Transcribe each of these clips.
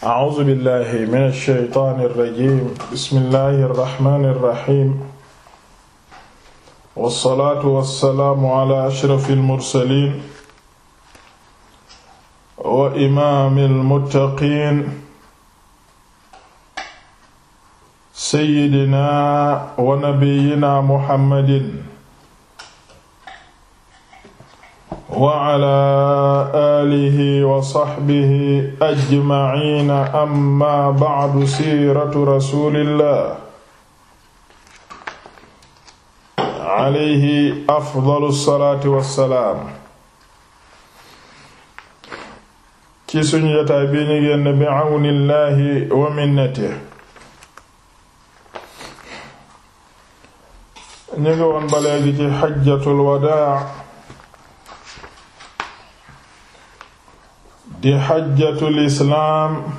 A'uuzu billahi mina shaytaani rajiim bismillahi rahmaani rahiim. Wassalaatu wassalaamu alaa ashrafil mursaliin. wa imaamil muttaqiin. Sayyidinaa wa nabiyyinaa Muhammadin. wa ala alihi wa sahbihi ajma'iina amma ba'du siiratu rasulillah alayhi afdalu salaatu wa salaam ci suñu jotaay bi ñu génn bi wa minnatihi ñu ngi woon ba léegi ci wadaa di xajjatul islaam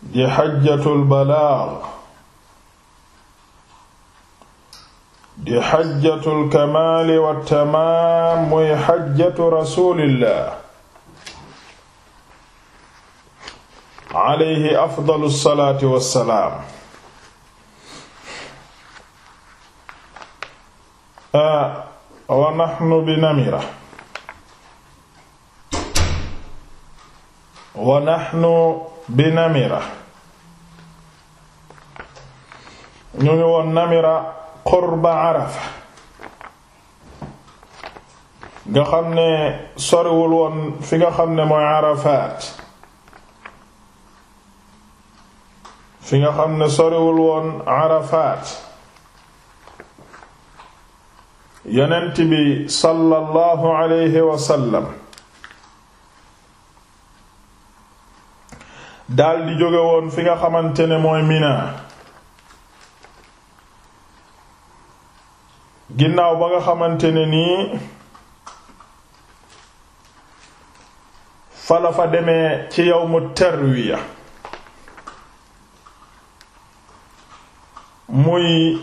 di xajjatul balaag di xajjatul kamaali wa tamaam muy xajjatu rasulillah alayhi afdalu salaati wa salaam. wa naxnu bi namira wa nahnu bi namira ñu ngi woon namira qurba arafa nga xam ne soriwul woon fi nga xam ne mooy arafaat fi nga xam ne soriwul woon arafaat yonent bi sallallahu alayhi wa sallam daal di jóge woon fi nga xamante ne mooy Mina ginnaaw ba nga xamante ne nii fa fa demee ci yawmu tarwiya muy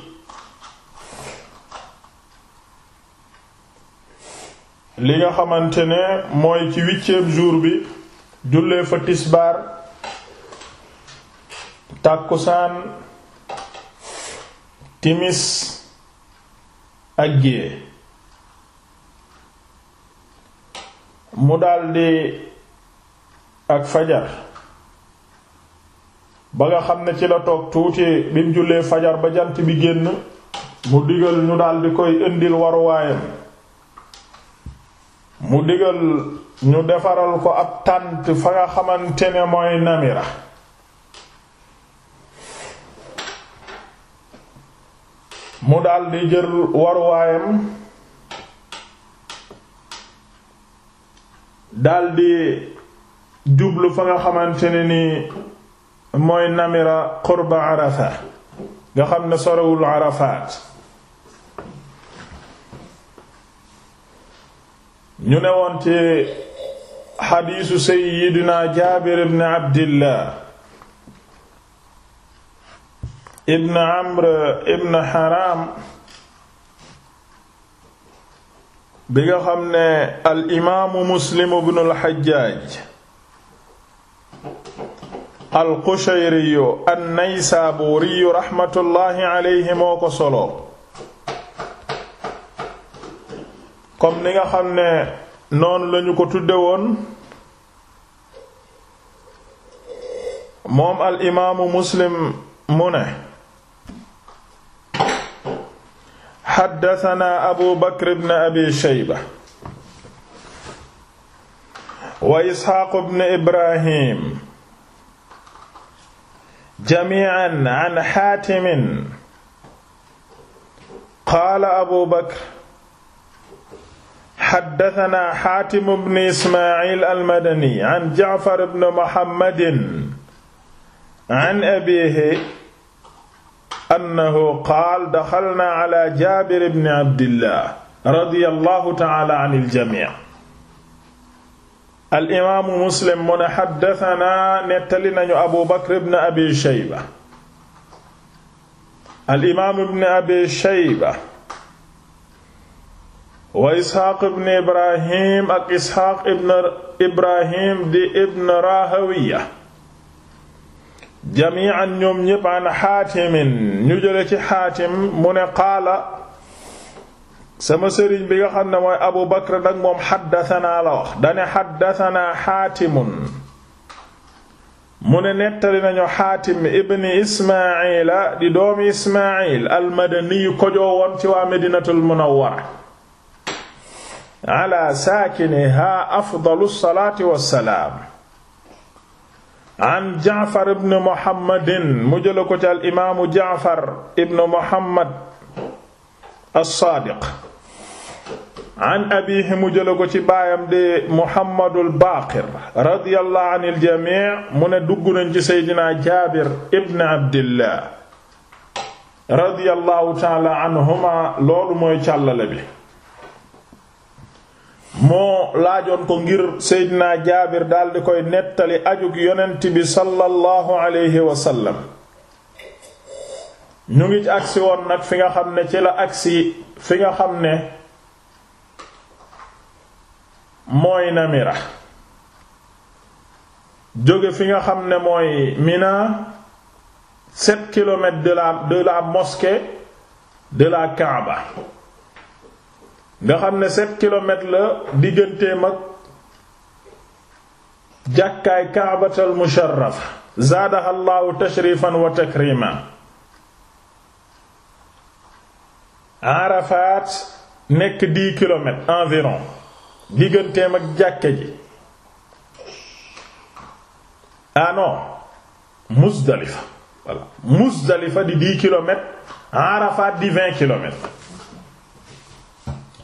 li nga xamante ne mooy ci huitième jour bi jullee fa tisbaar tàkkusaan timis ak gée mu daldi ak fajar ba nga xam ne ci la toog tuuti bi mu fajar ba jant bi génn mu digal ñu daldi koy indil waruwaayam mu digal ñu defaral ko ab tànt fa nga xamante ne mooy namira mu daldi di jël daldi jublu fa nga xamante ne ni mooy namira qurba arafa nga xam ne sorewul arafaat ñu ne woon ci xadiisu seyyidina jaabir ibn abdillah ibn amr ibn haram bi nga xam ne al imaamu muslim ibn al hajjaj al qushayri an rahmatullahi alayhi moo ko solo comme ni nga xam ne noonu lañu ko tudde woon moom al imaamu muslim mu ne xaddatana abu bakr bn abi sheyba wa isxaaqu bn ibrahim jamiican an xaatimin qaala abu bakr xaddatana xaatim bn ismaacil almadani an jacfar bn muhammadin an abiihi annahu qaal daxalnaa ala jaabir ibn abdillah radiyallahu ta'ala anil jamii al imaamu muslim mu ne xaddatanaa nettali nañu abu bakr ibn abi shayba al imaamu ibn abi shayba wa isxaaq ibn ibrahim ak isxaaq ibn ibrahim di ibn rahawiya jami'an ñoom ñépp an xaatimin ñu jële ci xaatim mu ne qaala sama sëriñ bi nga ne mooy abu bakr nag moom xaddatanaa la wax dane xaddatanaa xaatimun mu ne nettali nañu xaatim ibni ismaila di doomi ismail almadaniyu kojoowoon ci waa medinatul munawwara ala saakiniha afdalu salaati wassalaam an jaafar ibn muhammadin mu jëla ko ci al imaamu jaafar ibn muhammad as-saadiq an abiihi mu jëla ko ci baayam de muhammadul baaqir radiyallahu anil jamii mu ne dugg nañ ci seydina jaabir ibn abdillah radiyallahu taala anhuma loolu mooy càllale bi moo laajoon ko ngir seydina jaabir daal di koy nettali ajug yonent bi sallallahu alayhi wa ñu ngi agsi woon nag fi nga xam ne ci la agsi fi nga xam ne mooy namira jóge fi nga xam ne mooy mina set kilomètres de la de la mosquée la Kaaba nga xam ne sept kilomètres la digganteem ak jàkkaay kaabatal musharrafa zaadaha llaahu tashrifan wa takrima Arafat nekk dix kilomètres environ digganteem ak jàkke ji ah non Muzdalifa voilà di dix kilomètres di vingt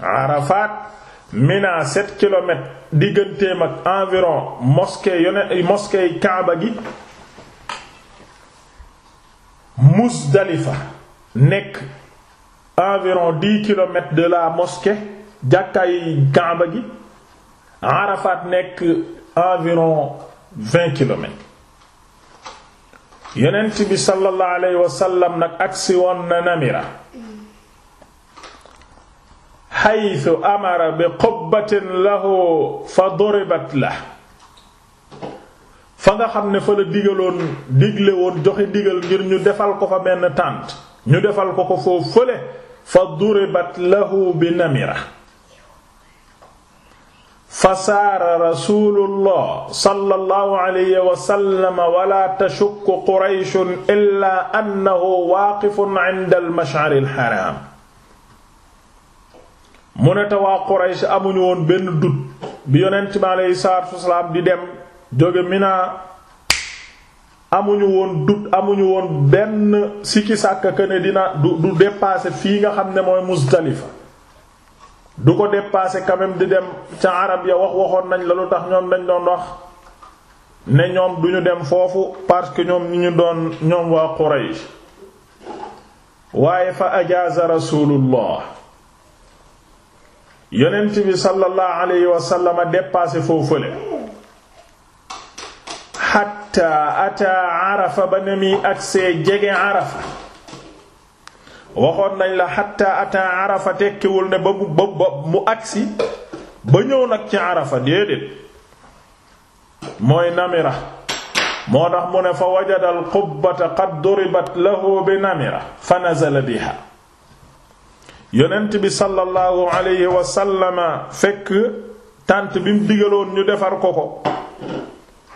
Arafat Mina sept kilomètres digganteem ak environ mosquée yone mosquée gi Muzdalifa nekk environ dix kilomètres de la mosquée jàkkaay Kaaba gi Arafat nekk environ vingt kilomètres yonent bi sallallahu alayhi wa nag agsi woon na Namira xaytu amara bi qubbatin lahu fa duribat la fa nga xam ne fa la digaloon digle woon joxe digal ngir ñu defal ko fa benn tànt ñu defal ko ko foofu fële fa duribat lahu bi namira fa saara rasulullah sallallahu alayhi wa sallam wala tashukku qurayshun illa annahu waaqifun inda al mash'ar al haram mu ne te waa Quraysh amuñu woon benn dut bi yonent bi aleyhi salaatu wasalaam di dem jóge Mina amuñu woon dut amuñu woon benn sikki sàkk que ne dina du du dépasser fii nga xam ne mooy Muzdalifa du ko dépasser quand di dem ca arab ya wax waxoon nañ la tax ñoom dañ doon wax ne ñoom duñu dem foofu parce que ñoom ñi ñu doon ñoom waa Quraysh waaye fa ajaaza Rasulullah yonent bi sallallahu alayhi wa sallam dépassé foofule xatta ata arafa ba na agsee jege arafa waxoon nañ la xatta ata arafa tekkiwul ne ba bu ba mu agsi ba ñëw nag ci arafa déedéet mooy namira moo tax mu ne fa wajada al qubbata qad lahu bi namira fa nazala biha yonent bi sallallahu alayhi wa sallama fekk tànt bi mu digaloon ñu defar ko ko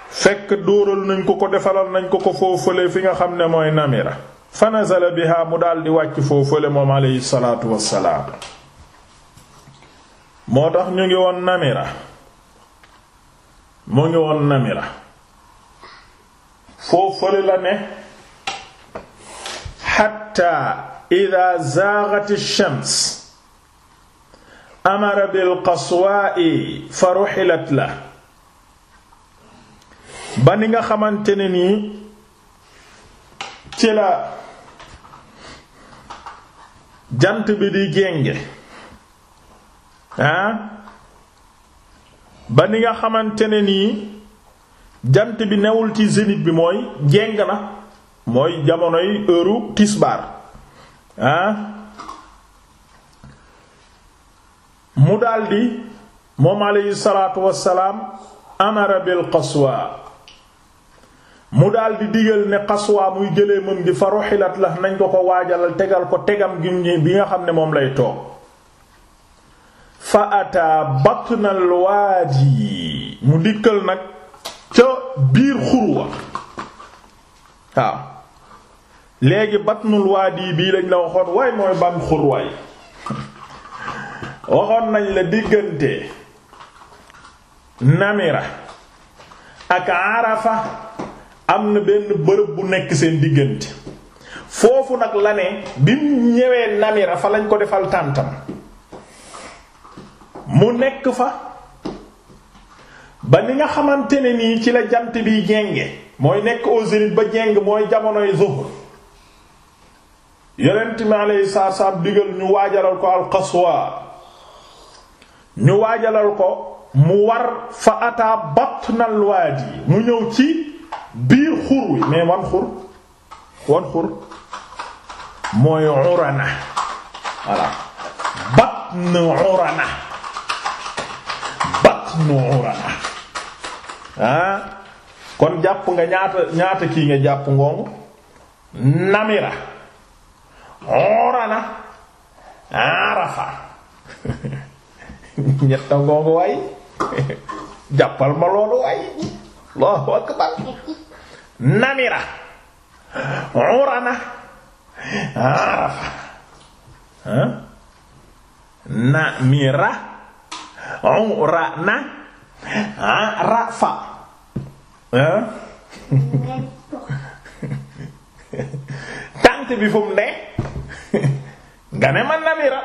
fekk dóoral nañ ko ko defalal nañ ko ko foofale fi nga xam ne mooy namira fa nazala biha mu daldi wàcc foofale moom alayhi salaatu wassalaam moo tax ñu ngi woon namira mu ngi woon namira foofale la ne xatta ida zaagat ash-shams amara bil qaswaa'i fa ruxilat la ba ni nga xamante ne ci la jant bi di jénge ah ba ni nga xamante ne jant bi newul ci zénith bi mooy jéng na mooy jamonoy heure tisbaar Ah? mu daldi moom alayhi salaatu wassalaam amara bil qaswa mu daldi digal ne qaswa muy jëlee moom di fa ruxilat la nañ ko ko waajalal tegal ko tegam gi bi nga xam ne moom lay toog fa ataa batnal waadi mu dikkal nag ca biir xurwa waaw léegi batnul waadi bii lañ la waxoon waay mooy ban xurwaay waxoon nañ la diggante namira ak arafa am na benn bërëb bu nekk seen diggante foofu nag la ne bi mu ñëwee namira fa lañ ko defal tàntam mu nekk fa ba ni nga xamante ne nii ci la jant bi jenge mooy nekk au zénith ba jeng mooy jamonoy zuhr yonent mi alayhi salaatu ñu waajalal ko alqaswa ñu waajalal ko mu war fa ataa batnal waadi mu ñëw ci biir xur wi mais wan xur wan xur mooy urana voilà batn urana batn urana ah kon jàpp nga ñaata ñaata kii nga jàpp ngoongu namira xoorana arafa ñetta ngoongu waay jàppal ma loolu waay allahu akbar namira urana arafa namira urana arafa tànt bi fu mu ne nga ne ma namira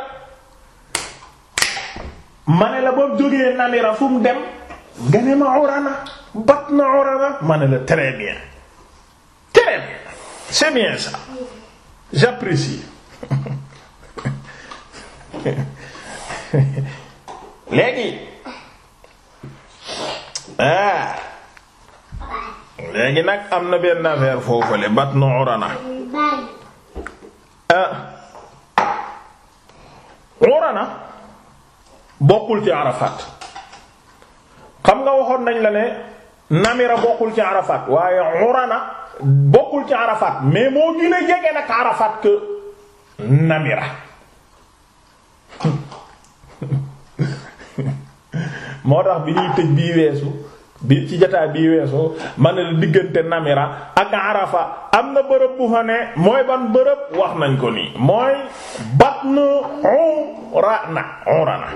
ma ne la boo jógee namira fu mu dem nga ne ma urana bat na urana ma ne la très bien très bien c'est bien ça j'apprécie léegi ah léegi nag am na benn affaire foofule bat na urana ah na bokkul ci Arafat xam nga waxoon nañ la ne namira bokkul ci Arafat waaye na bokkul ci Arafat mais moo gën a jege nag Arafat que namira moo tax bi ñuy tëj bii weesu bi ci jataay bii weesoo ma diggante Namira ak Arafa am na bërëb bu fa mooy ban bërëb wax nañ ko nii mooy batnu Urana Urana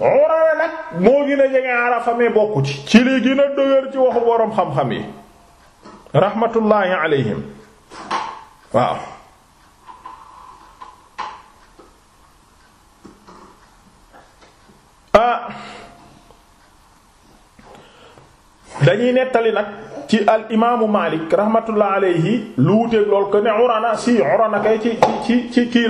Urana nag moo gën a jege Arafa mais bokku ci ci li a dëgër ci waxu boroom xam-xam yi rahmatullahi alayhim waaw ah. dañuy nettali nag ci al imaamu Malik rahmatullah alayhi lu wuteeg lool ko ne urana si ci ci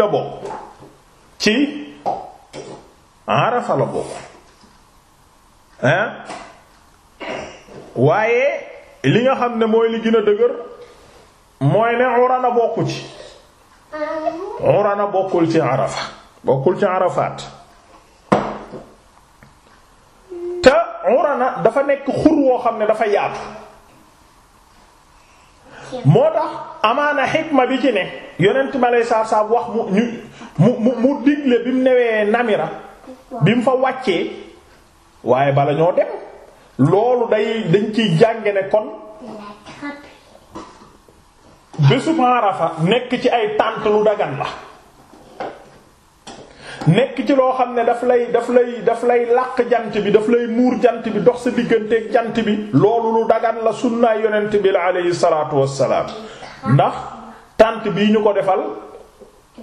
waaye li nga xam ne mooy li gën a dëgër mooy ne urana bokku ci urana bokkul ci arafa bokkul ci arafaat dafa nekk xur woo xam ne dafa yaatu moo tax amaana xikma bi ci ne yonent ma lay saab saab wax mu ñu mu mu digle bi mu newee namira bi mu fa wàccee waaye bala ñoo dem loolu day dañ ciy jànge ne kon bésu Arafa nekk ci ay tànt lu dagan la nekk ci loo xam ne daf lay daf lay daf lay làq jant bi daf lay muur jant bi dox sa digganteeg jant bi loolu lu dagan la sunnaay yonent bi la aleyhi salaatu wassalaam ndax tànt bii ñu ko defal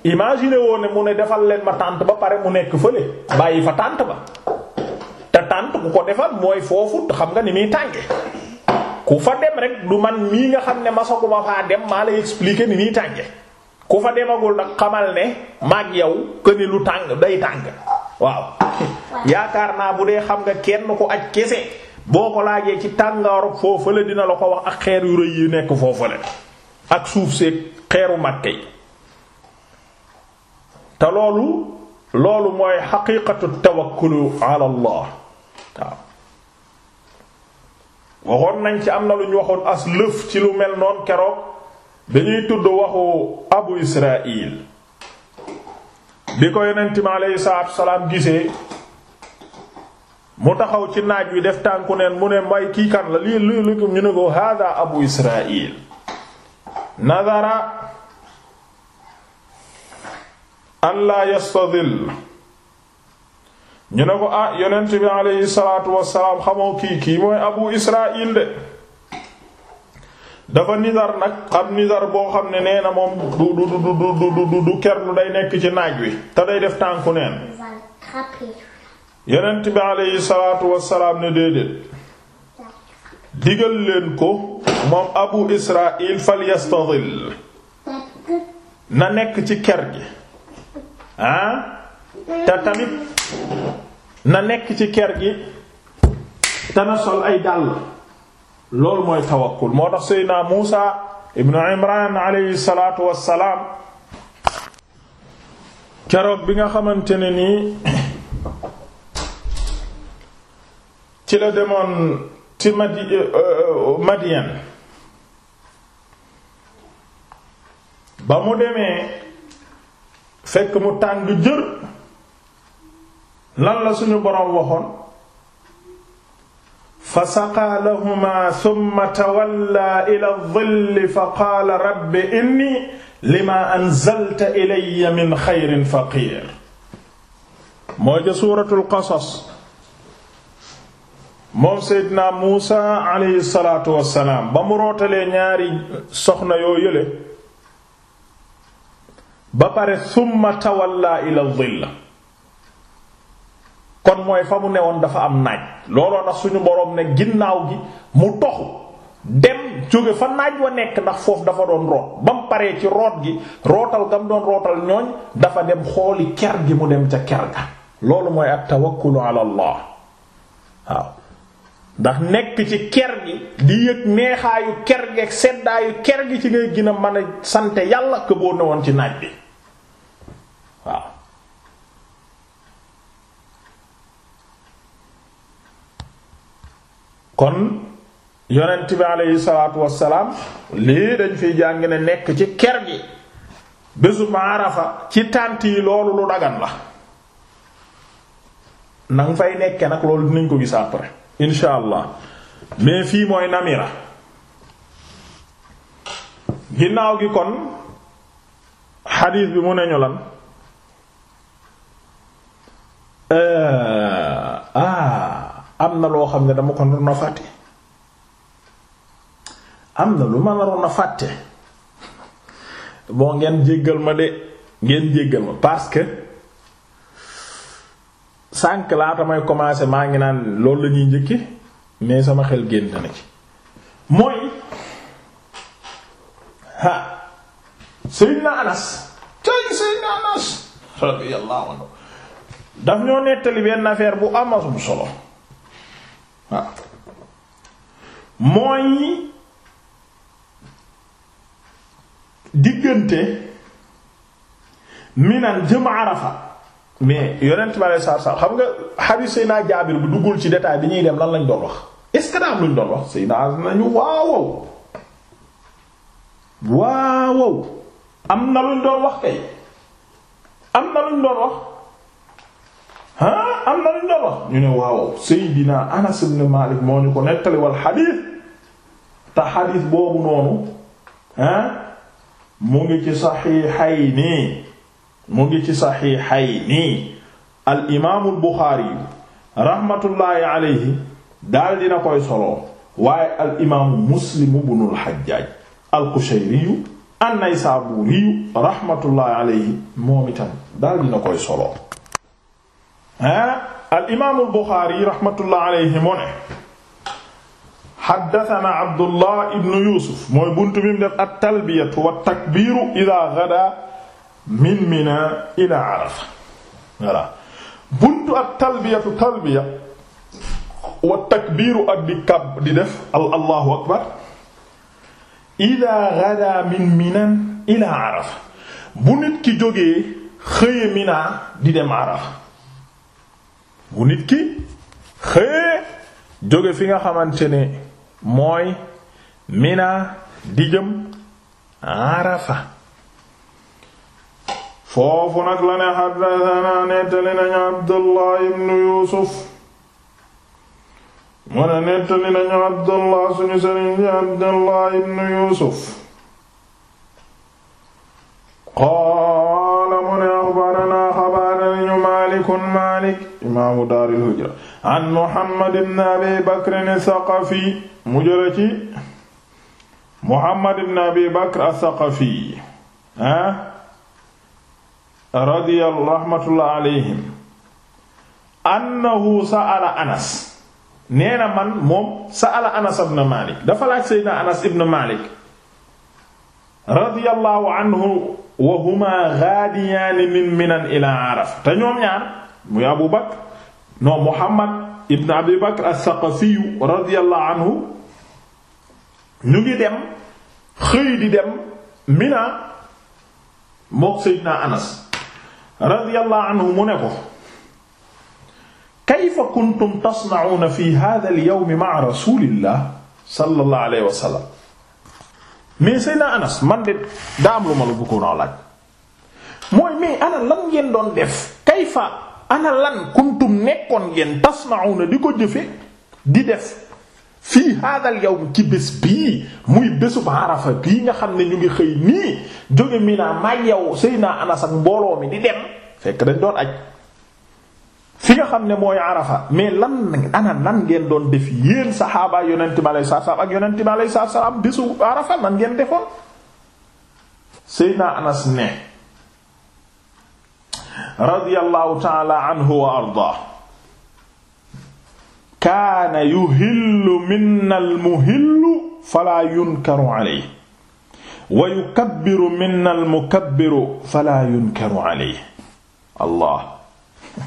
imagine woon ne mu ne defal leen ma tànt ba pare mu nekk fële bàyyi fa tànt ba te tànt ku ko defal mooy foofu xam nga ni muy tànke ku fa dem rek du man mii nga xam ne ma masakuma faa dem maa lay expliquer ni muy tànke ku fa demagul nag xamal ne maag yow këni lu tàng day tàng waaw yaakaar naa bu dee xam nga kenn ko ak kese boo ko laajee ci tàngaaru foofale dina la ko wax ak xeer yu rëy yu nekk foofale ak suuf seeg xeeru Makka yi te loolu loolu mooy xaqiiqatu tawakkulu waxoon nañ ci am na lu ñu waxoon as lëf ci lu mel noon keroog dañuy tudd waxu abu israil bi ko yonent mi aleyhi salaatu salaam gisee mu taxaw ci naaj wi def tànku neen mu ne mbay kii kan la lii lu lu ñu ne ko hada abu israil nazara allah yastadil ñu ne ko ah yonent bi aleyhi salaatu wassalaam xamoo kii kii mooy abu israil de dafa nizar nag xam nizar boo xam ne nee na moom du du du du du kerlu day nekk ci naaj wi te day def tànku neen yonent bi aleyhi salaatu wassalaam ne déedéet digal leen ko moom abu israil falyastadil na nekk ci ker gi ah te tamit na nekk ci ker gi te na sol ay dàll loolu mooy tawakkul moo tax seydna Muusa ibnu Imran salaat wa wassalaam keroog bi nga xamante ne nii ci la demoon ci madi euh, Madiyan ba mu demee fekk mu tàng jër lan la suñu boroom waxoon فسقى لهما ثم تولى إلى الظل فقال رب إني لما أنزلت إلي من خير فقير moo ja suuratul Qasas moom Seydina Muusa alayhi salaatu wassalaam ba mu rootalee ñaari soxna yoo yële ba pare ثم تولى إلى الظل kon mooy fa mu newoon dafa am naaj looloo tax suñu boroom ne ginnaaw gi mu toxu dem jóge fa naaj wa nekk ndax foofu dafa doon root ba mu paree ci root gi rootal gam doon rootal ñooñ dafa dem xooli ker gi mu dem ca ker ga loolu mooy at tawakkulu ala waaw ndax nekk ci ker gi di yëg neexaayu ker gi ak seddaayu ker gi ci ngay gina a mën a sante yàlla que boo newoon ci naaj bi waaw kon yonent bi aleyhi salaatu wassalaam lii dañ fiy jàng ne nekk ci ker gi bésu Arafa ci tànt yi loolu lu dagan la nanga fay nekke nag loolu dinañ ko gis après insha allah mais fii mooy namira ginnaaw gi kon xadiis bi mu ne ñu lan euh, ah. am na loo xam ne dama ko naroon a fàtte am na lu ma naroon a fàtte bon ngeen jéggal ma de ngeen jéggal ma parce que sànq laata may maa ngi naan loolu lañuy ñuy mais sama xel gént na ci mooy ha Seydina Anas tay Seydina Anas daf ñoo nettali benn affaire bu amasum solo waaw mooy diggante Minan jëm Arafa mais yonent ba lay saar saar xam nga xadiis naa Jaabir bu duggul ci détail bi ñuy dem lan lañ doon wax est-ce que daa am luñ doon wax Seydina nañu waawow waawow am na luñ doon wax kay am na luñ doon wax ah am na ñu ne waaw Seydina Anas ibn Malik moo ñu ko nettali wal xadiis te xadiis boobu noonu ah mu ngi ci saxiixayni mu ngi ci saxiixayni al imaamul Buxaari rahmatullahi alayhi daal dina koy solo waaye al imaamu Muslim ibnul Xajjaaj al Qushayri an-Naysaabuuri rahmatullahi alayhi moom itam daal dina koy solo. al imaamul Buxaari rahmatullah aleyhi mu ne xaddatana Abdullah ibnu Yuusuf mooy buntu bi mu def at-talbiyatu wat-takbiiru idaa gadaa min Minaa ilaa Arafa voilà buntu at-talbiyatu talbiya wat-takbiiru ak di kàbb di def Allahu akbar idaa gadaa min Minaa ilaa Arafa bu nit ki jógee xëye Minaa di dem Arafa bu nit ki xëyee jóge fi nga xamante ne mooy Mina di jëm Arafa foofu nag la ne xaddasanaa nettali nañu Abdullah ibnu Yuusuf mu ne nettali nañu Abdullah suñu sëriñ Abdullah ibnu Yuusuf imaamu daaril hijra an muhammad ibn abi bakr saqafi mu jële ci muhammad ibn abi bakr as-saqafi ah radiya rahmatullah alayhim annahu sa'ala anas nee na man moom sa'ala anas ibn malik dafa laaj seydina anas ibn malik radiyallahu anhu wa huma ghadiyan min minan ila araf te ñoom ñaar muy abu bakr non Muhammad ibn Abi Bakr as-Saqafi radiyallahu anhu ñu ngi dem xëy di dem Mina mook Seydina Anas radiyallahu anhu mu ne ko kayfa kuntum tasna'una fi hadha al-yawm ma'a rasulillah sallallahu alayhi wa sallam mais Seydina Anas man de daam lu ma la bëggoon a laaj mooy mais ana lan ngeen doon def kayfa ana lan kuntum nekkoon ngeen na di ko jëfe di def fii haadal yawm ci bés bii muy bésu bésub Arafa bii nga xam ne ñu ngi xëy nii jóge Mina may yow Seydina Anas ak mbooloo mi di dem fekk dañ doon aj fi nga xam ne mooy Arafa mais lan ana lan ngeen doon def yéen saxaaba yonent bi alayhi salaam ak yonent bi alayhi salaam bésu Arafa lan ngeen defoon naa Anas ne radiyallahu taala anhu wa ardaa kaana yuhillu minna almuhillu falaa yunkaru alayhi wa yukabbiru minna almukabbiru falaa yunkaru alayhi allah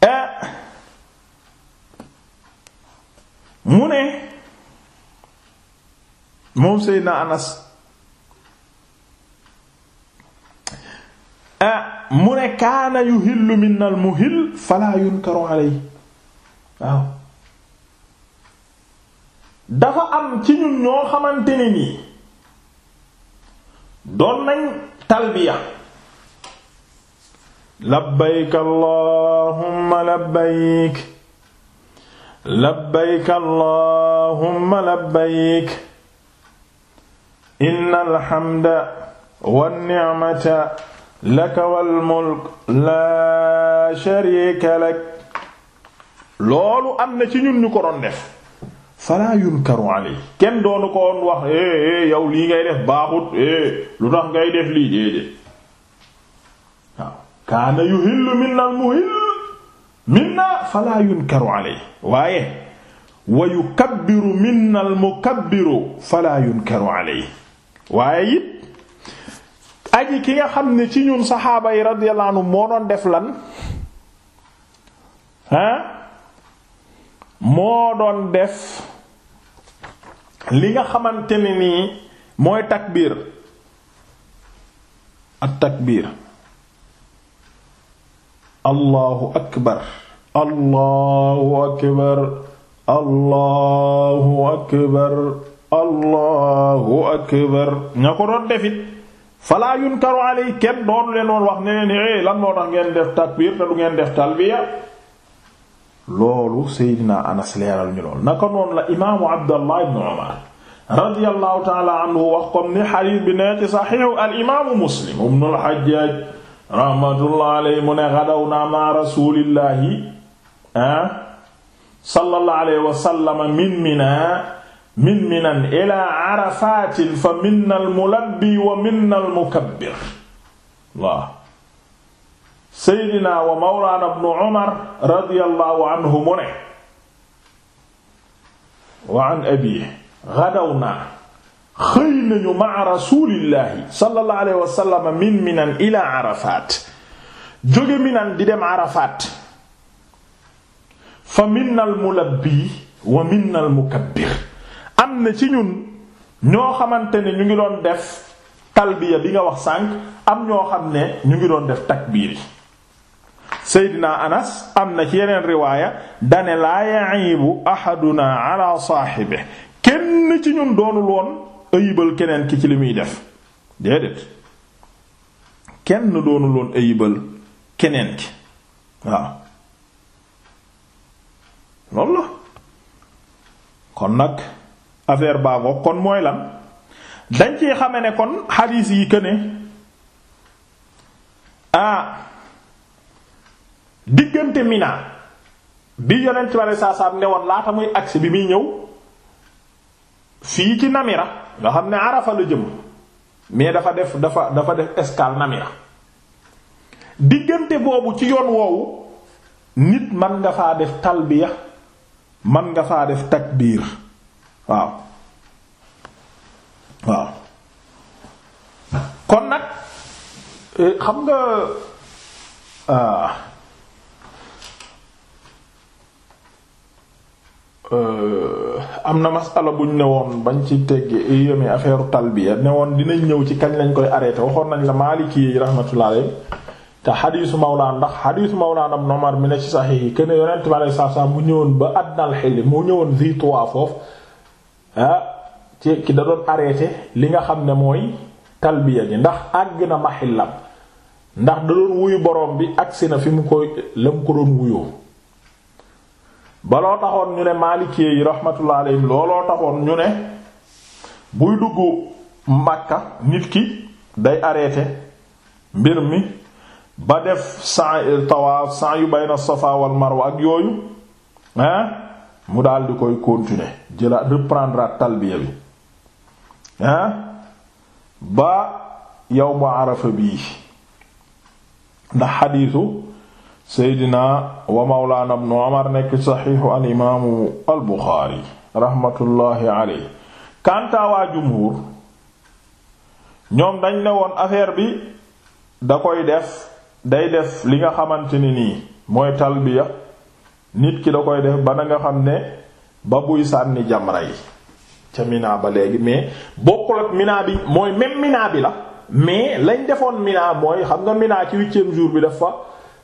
eh. mu ne moom Seydina Anas ah mu ne kaana yuhillu min al muhil fala yunkaru alayhi waaw dafa am ci ñun ñoo xamante ne nii doon nañ talbiya labbayk allahumma labbayk labbayk allahumma labbayk innal hamda wan ni'mata laka wal mulk laa sharika lak loolu am na ci ñun ñu ko doon def fala yunkaru alay kenn doonu ko woon wax eh eh yow lii ngay def baaxut eh lu tax ngay def lii eh, déedéet waaw kaana yuhillu minna al muhill minna fala yunkaru alay waaye wa yukabbiru minna al mukabbiru fala yunkaru alay waaye it aji ki nga xam ne ci ñun saxaaba yi radiyallahu moo doon def lan moo doon def li nga xamante ne nii mooy takbiir at takbiir allahu akbar allahu akbar allahu akbar allahu ko doon defit fala yunkaru alay kenn doonu leen woon wax ne ne eh, lan moo tax ngeen def takbir te du ngeen def talbiya loolu Seydina Anas leeral ñu lool naka noonu la imaamu Abdallah ibn Umar radiyallahu taala anhu wax comme ni xadiis bi nee ci saxiixu al imaamu Muslim ibn al Hajjaj rahmatullah alayhi mu ne gadawna ma rasulillahi ah, sallallahu alayhi wa sallam min Mina min minan ila arafatin fa minna almulabbi wa minna almukabbir waaw seydina wa mawlaana bnu umar radiyallahu anhu mu ne wa an abi gadaw naa xëy nañu maa rasulillahi sallallahu alayhi wa sallam min minan ila arafaat jóge minan di dem arafaat fa minna almulabbi wa minna almukabbir am na ci ñun ñoo xamante ne ñu ngi doon def talbiya bi nga wax sànq am ñoo xam ne ñu ngi doon def takbiir yi seydina anas am na ci yeneen riwaaya dane laa ya'ibu ahaduna ala saahibi kenn ci ñun doonul ayibal keneen ki ci li muy def kenn doonul woon keneen ki waaw loolu la kon nag affaire baa ngoog kon mooy lan dañ ci xame ne kon xadiis yi que ah diggante Mina bi yonent bi aleyhi salaatu salaam ne woon laata muy agsi bi muy ñëw fii ci Namira nga xam ne Arafa la jëm mais dafa def dafa dafa def escale Namira diggante boobu ci yoon woowu nit man nga faa def talbiya man nga faa def takbiir waaw waaw kon nag eh, xam nga ah, eh, am na masala buñ ne woon bañ ci teggi eh, yemee affaire talbiya ne woon dinañ ñëw ci kañ lañ koy arrêté waxoon nañ la Maliki yi rahmatullah alayhi te xadiisu Mawlaan ndax xadiisu Mawlaan am nomar mi ne ci saxiix yi kenn yonent bi alayhi salaam mu ñëwoon ba àddina al xilli mu ñëwoon zi foofu ah ci ki da doon arrêté li nga xam ne mooy talbiya gi ndax àgg na maxillam ndax da doon wuyu borom bi agsi na fi mu koy la mu ko doon wuyoo baloo taxoon ñu ne maalikee yi rahmatullah looloo taxoon ñu ne buy dugg Makka nit ki day arrêté mbir mi ba def sa'i tawaaf yu bayna Safa wal Marwa ak yooyu ah, mu daal di koy continuer jëlaat reprendre talbiya bi hein ba yawmu arafa bii ndax xadiisu seydina wa mawlaana ibnu Umar nekk saxiixu al al Buxaari raxmatullaahi alayhi kanta waa jumhur ñoom dañ ne woon affaire bi da koy def day def li nga xamante ne nii mooy talbiya nit ki da koy def ba na nga xam ne ba buy sànni jamra yi ca Mina ba léegi mais bokkul ak Mina bi mooy même Mina bi la mais lañ defoon Mina mooy xam nga Mina ci huitième jour bi dafa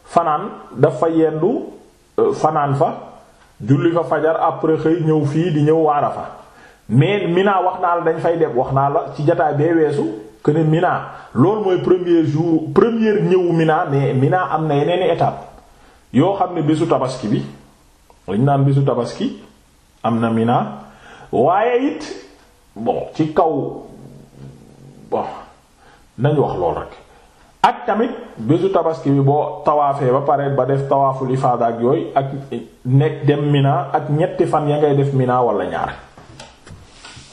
fanaan dafa yendu euh, fanaan fa julli fa fajar après xëy ñëw fii di ñëw waara fa mais Mina wax naa la dañ fay def wax naa la ci jataay bee weesu que ne loolu mooy premier jour première ñëwu Mina mais Mina am na yeneen étape yoo xam ne bésu tabaski bi. lañ naan bisu tabaski am na Mina waaye it bon ci kaw bon nañ wax lool rek ak tamit bésu tabaski bi boo tawaafee ba pare ba def tawaaful ifaada yooyu ak nekk dem Mina ak ñetti fan ya ngay def Mina walla ñaar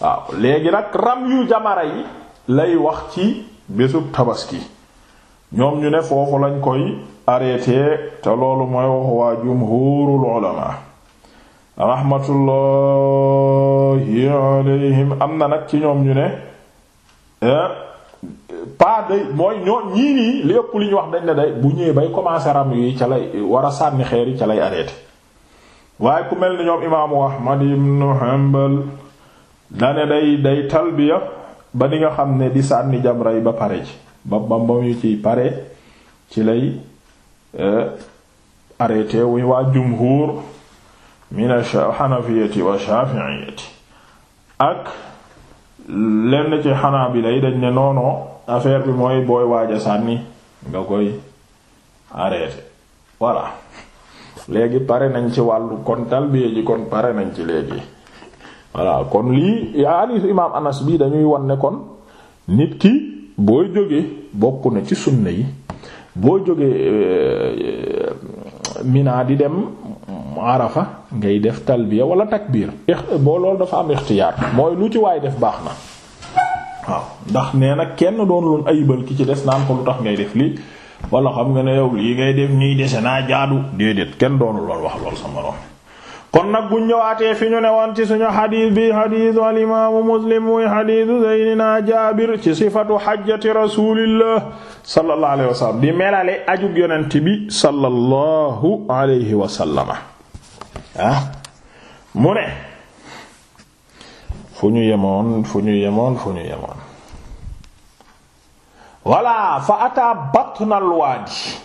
waaw léegi nag ram yu jamara yi lay wax ci bésu tabaski ñoom ñu ne foofu lañ koy arrêté te loolu mooy wax waa jumhurul ulama rahmatullahi alayhim am na nag ci ñoom ñu ne eh, pas day mooy ñoo ñii nii li ëpp li ñu wax dañ ne day bu ñëwee bay commencer ram yi ca lay war a sànni xeer yi ca lay arrêté waaye ku mel ni ñoom imaamu ahmad ibn hanbal dane day day talbiya ba ni nga xam ne di sànni jamra yi ba pare ci ba ba ba mu pare ci lay Eh, arrêté wuñ waa jumhur min xanafiyati wa shafi'iyati ak lenn ci xanaabila yi dañ ne noonoo affaire bi mooy booy waaja sànni nga koy arrêté voilà léegi pare nañ ci wàllu kon talbiya ji kon pare nañ ci léegi voilà kon lii hadith imaam anas bi dañuy wan ne kon nit ki booy jóge bokk na ci sunna yi boo jógee euh, Mina di dem Arafa ngay def talbiya wala takbiir. boo loolu dafa am ixtiyaar mooy lu ci waaye def baax na waaw ndax nee na kenn doon loon ayibal ki ci des naan ko lu tax ngay def lii wala xam nga ne yow lii ngay def nii dese naa jaadu déedéet kenn doonu lool wax lool sama morom. kon nag bu ñëwaatee fi ñu ne woon ci suñu xadiis bi xadiisu al imaamu muslim muy xadiisu seydina jaabir ci sifatu xajjati rasulillah sallallahu alayhi melale ajug yonent bi sallallahu alayhi wa sallama ah fu ñu yemoon fu ñu yemoon fu fa ataa batnal waadi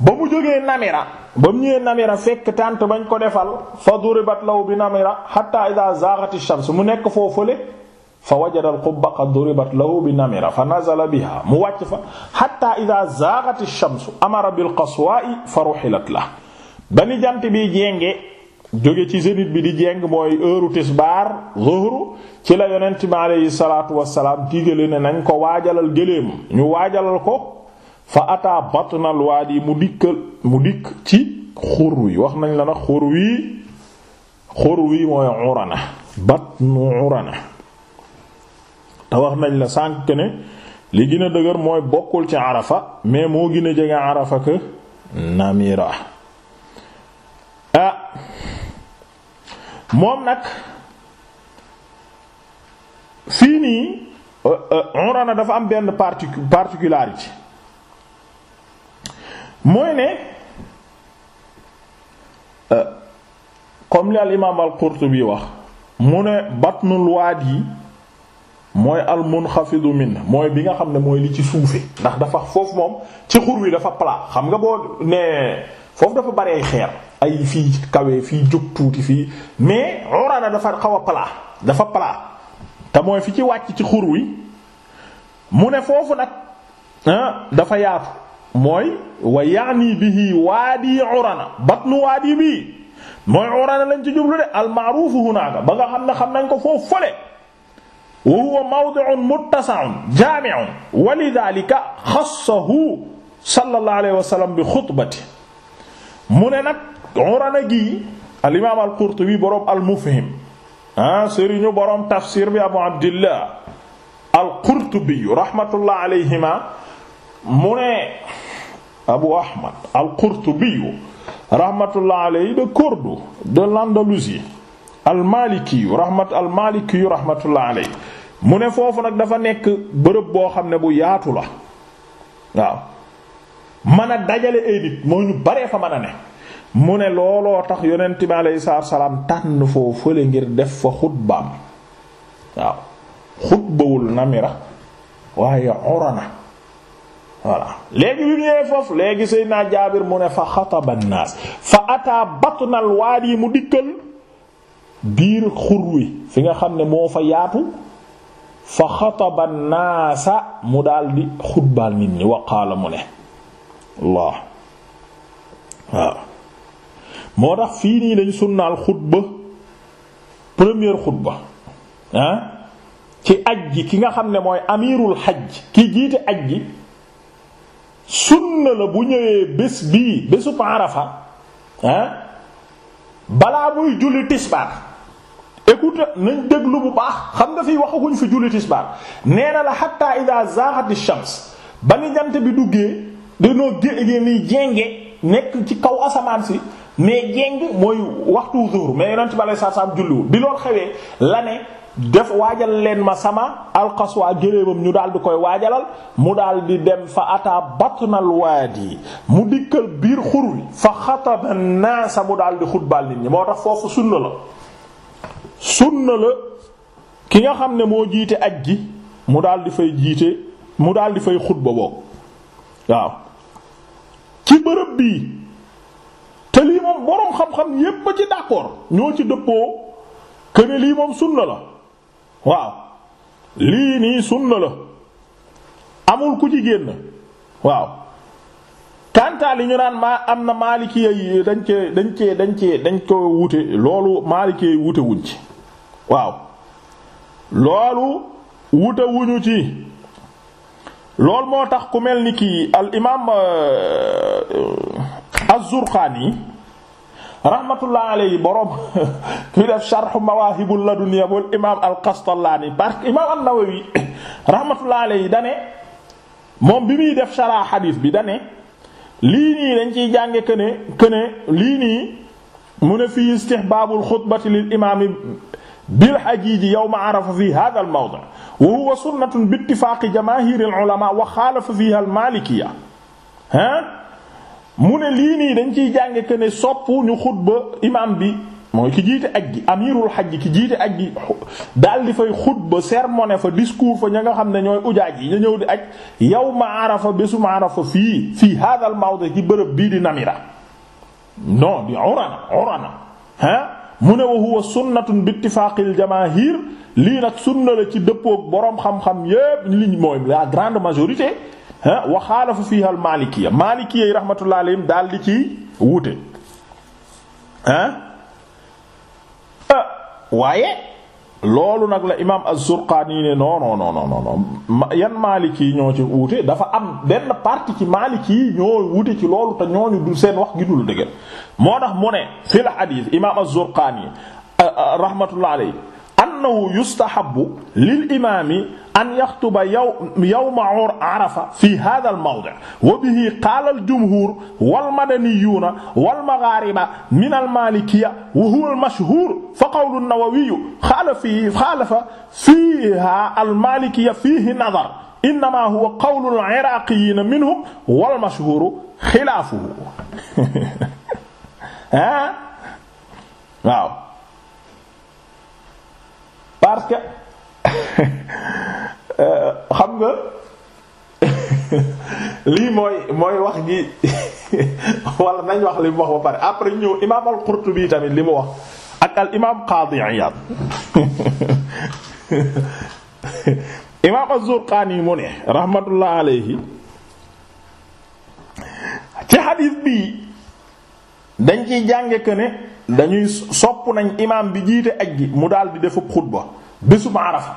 ba mu jógee namira ba mu ñëwee namira fekk tànt bañ ko defal fa duribat law bi namira hatta idha zaaghati shams mu nekk foofule fa wajada al qubba qad duribat lahu bi namira fa nazala biha mu wàcc fa hatta idha zaaghati ash amara bil qaswa'i fa ruhilat la bani jant bi jénge jóge ci zénith bi di jéng mooy heure tisbaar zuhru ci la yonent bi alayhi salaatu wassalaam digale ne nañ ko waajalal géléem ñu waajalal ko fa ataa batnal waadi mu dikkal mu dikk ci xur wi wax nañ la nag xur wi xur wi mooy urana batnu urana te wax nañ la sànk ne li gën dëgër mooy bokkul ci arafa mais moo gën a jege arafa que ah, moom nag fii nii euh, euh, urana dafa am benn particularité mooy ne euh, comme li al imaam al Qurtubi wax mu ne batnul waad yi mooy al munxafidu min mooy bi nga xam ne mooy li ci suufe ndax dafa foofu moom ci xur wi dafa palaa xam nga boo nee foofu dafa bari xeer ay fii kawe fii jóg tuuti fii mais urana dafa xaw a plat dafa palaa te mooy fi ci wàcc ci xur wi mu ne foofu nag dafa yaatu mooy wa yaani bihi waadi urana batnu waadi bii mooy urana lañ ci jublu de almaaruufu hunaaka ba nga xam ne xam nañ ko foofu fële wa huwa mawdi'un muttasaun jaami'un wa lidaalika xassahu sallallahu alayhi wa sallam bi xutbati mu ne nag urana gii al imaam al qurtubi boroom al mufhim ah sëriñu boroom tafsir bi abu abdillah al qurtubi rahmatullah alayhima mu ne Abu Ahmad al-Qurtubi rahmatullah alayhi de Cordoue de l'Andalousie al rahmatullah alayhi mu ne foofu nag dafa nekk bërëb boo xam ne bu yaatu la waaw mën a dajale ay nit moo ñu baree fa mën a ne mu ne looloo tax yonent bi alayhi salaam tànn foofu fële ngir def fa xutbaam waaw xutbawul namira waaye orana voilà léegi bi ñëwee foofu léegi Seydina Jaabir mu ne fa xataba an-naas fa ataa batnal waadi mu dikkal biir xur fi nga xam ne moo fa yaatu fa xataba an-naasa mu daldi xutbaal nit ñi wa mu ne waaw moo tax fii nii lañ sunnaal xutba première xutba ah ci aj gi ki nga xam ne mooy amirul xaj ki jiite aj gi sunna la bu ñëwee bés bii bésu Arafa ah balaa muy julli tisbaar écoute nañ déglu bu baax xam nga fi waxaguñ fi julli tisbaar nee na la hatta ida zaghati shams ba ni jant bi duggee dañoo gé ni jénge nekk ci kaw asamaan si mais jéng mooy waxtu zuhr mais yonent bi sallallahu alayhi wasallam julliwul bi loolu xewee la ne def waajal leen ma sama alqaswa géléemam ñu daal di koy waajalal mu daldi di dem fa ataa batnal waadi mu dikkal biir xur wi fa xataba naasa mu daal xutbaal nit ñi moo tax foofu sunna la sunna la ki nga xam ne moo jiite aj gi mu daal di fay jiite mu daldi fay xutba boobu waaw ci bërëb bii te lii moom boroom xam-xam yépp ci d'accord ñoo ci dëppoo këne lii moom sunna la waaw lii nii sunna la amul ku jigéen génn waaw kantaa li ñu naan maa am na maaliki yi dañ cee dañ cee dañ cee dañ ko wute loolu maaliki yi wute wuñ ci waaw loolu wute wuñu ci lool moo tax ku mel ni ki al imaam euh, az-Zurqaani rahmatullah alayhi borom fi def sharh mawahibul ladunniya bul imam al-Qastallani parce que imam an-Nawawi rahmatullah alayhi dane moom bi muy def sharh hadith bi dane lii nii dañ ciy jànge këne këne lii nii mu ne fii istihbaabul xutbati lil imaami bil hajiiji yawma arafa fii haadhal mawdi' wa huwa sunnatun bi ittifaaqi jamaahiiril ulamaa wa xaalafa fiihaa al-maalikiyya ha mu ne lii nii dañ ciy jànge que ne sopp ñu xutba imam bi mooy ki jiite aj gi amirul xaj ki jiite aj gi di fay xutba sermoné fa discours fa ña nga xam ne ñooy ujaaj yi ñu ñëw di aj yawma arafa bésuma arafa fii fii hadal mawdi ci bërëb bii di namira non di urana urana ah mu ne wa huwa sunnatun bi ittifaaqil jamaahir lii nag sunna la ci dëppook boroom xam-xam yépp liñ mooy la grande majorité wa xaalafa fiha al maalikiya maalikiya yi rahmatullah alayhim daal di ci wuute ah waaye loolu nag la imaam az-Zurqaani ne non non non yan maaliki ñoo ci wuute dafa am benn partie ci maaliki yi ñoo ci loolu te ñooñu du seen wax gi dul dëgg moo tax mu ne fil hadiis imaam az-Zurqaani ah, ah, rahmatullah alayhi annahu yustahabbu lil imaami an yaxtuba yawma arafa fi haaza al-mawdi' wa bihi qaala al-jumhuur wal-madaniyuuna wal-maghariba min al-maalikiyya wa huwa al-mashhuur fa qawlu an-nawawiy xaalafa fiihaa al-maalikiyya fiihi nadar innamaa huwa qawlu al-iraaqiyiina minhum wal-mashhuur xilaafuhu waaw parce que euh, xam nga lii mooy mooy wax gi wala nañ wax li mu wax ba pare après ñëw imaam al-Qurtubi tamit li mu wax ak al imaam Qaadi mu ne rahmatullah alayhi ci xadiis bii dañ ciy jànge que ne. dañuy sopp nañ imaam bi jiite aj gi mu daal di def xutba bésub arafa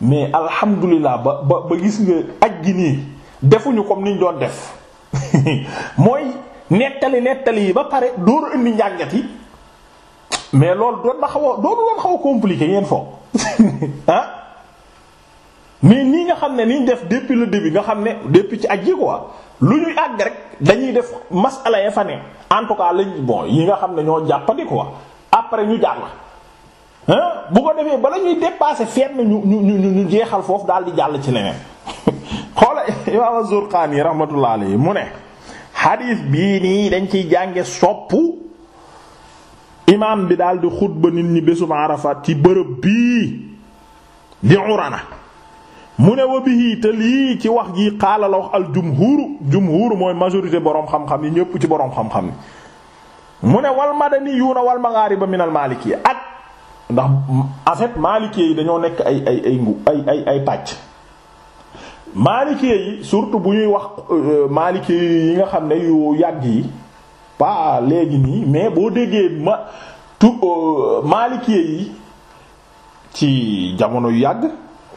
mais alhamdulilah ba ba ba gis nga aj gi nii defuñu comme niñ doon def mooy nettali nettali yi ba pare dooru indi njàngat yi mais loolu doon na xaw a doonu loon xaw a compliqué yéen foofu mais nii nga xam ne niñ def depuis le début nga xam ne depuis ci aj yi quoi lu ñuy àgg rek dañuy def masala ya fa ne en tout cas lañ bon yi nga xam ne ñoo jàppandi après ñu jàll ah bu ko defee bala ñuy dépasser fenn ñu ñu ñu ñu jeexal foofu daal di jàll ci leneen xoola imaam Az-Zurqaani rahmatullah alayhi mu ne xadiis bii nii dañ ciy jànge soppu imaam bi daal di xutba nit ñi bésum Arafat ci bërëb bii di Urana mu ne wa bihi te lii ci wax ji xaala la wax al jumhuuru jumhuuru mooy majorité boroom xam-xam yi ñëpp ci boroom xam-xam yi mu ne wal madaniyuuna wal maghaariba minal maalikiyya ak ndax en fait yi dañoo nekk ay ay ay ngu ay ay ay pàcc maalikiyya yi surtout bu ñuy wax euh, maalikiyya yi nga xam ne yu yàgg yi pas léegi nii mais boo déggee ma tu euh, maalikiyya yi ci jamono yu yàgg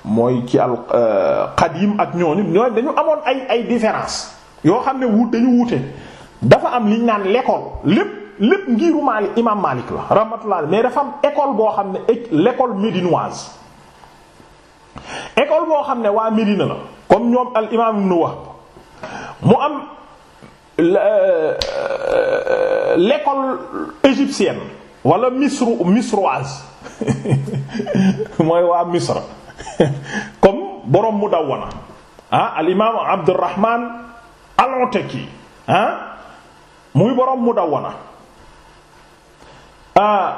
mooy ci al euh, qadim ak ñooñu ñooñu dañu amoon ay ay différence yoo xam ne wuute dañu wuute dafa am liñ naan lekkool lépp lépp ngiru Maalik imaam Maalik la rahmatullah mais dafa am école boo xam ne l'école médinoise école boo xam ne waa Médina la comme ñoom al imaam Ibn Wahb mu am lekkool euh, égyptienne wala misro misroise mooy waa Misra comme borom Mudawwana ah al imaam Abdurrahman al-Utaki ah muy borom Mudawwana ah,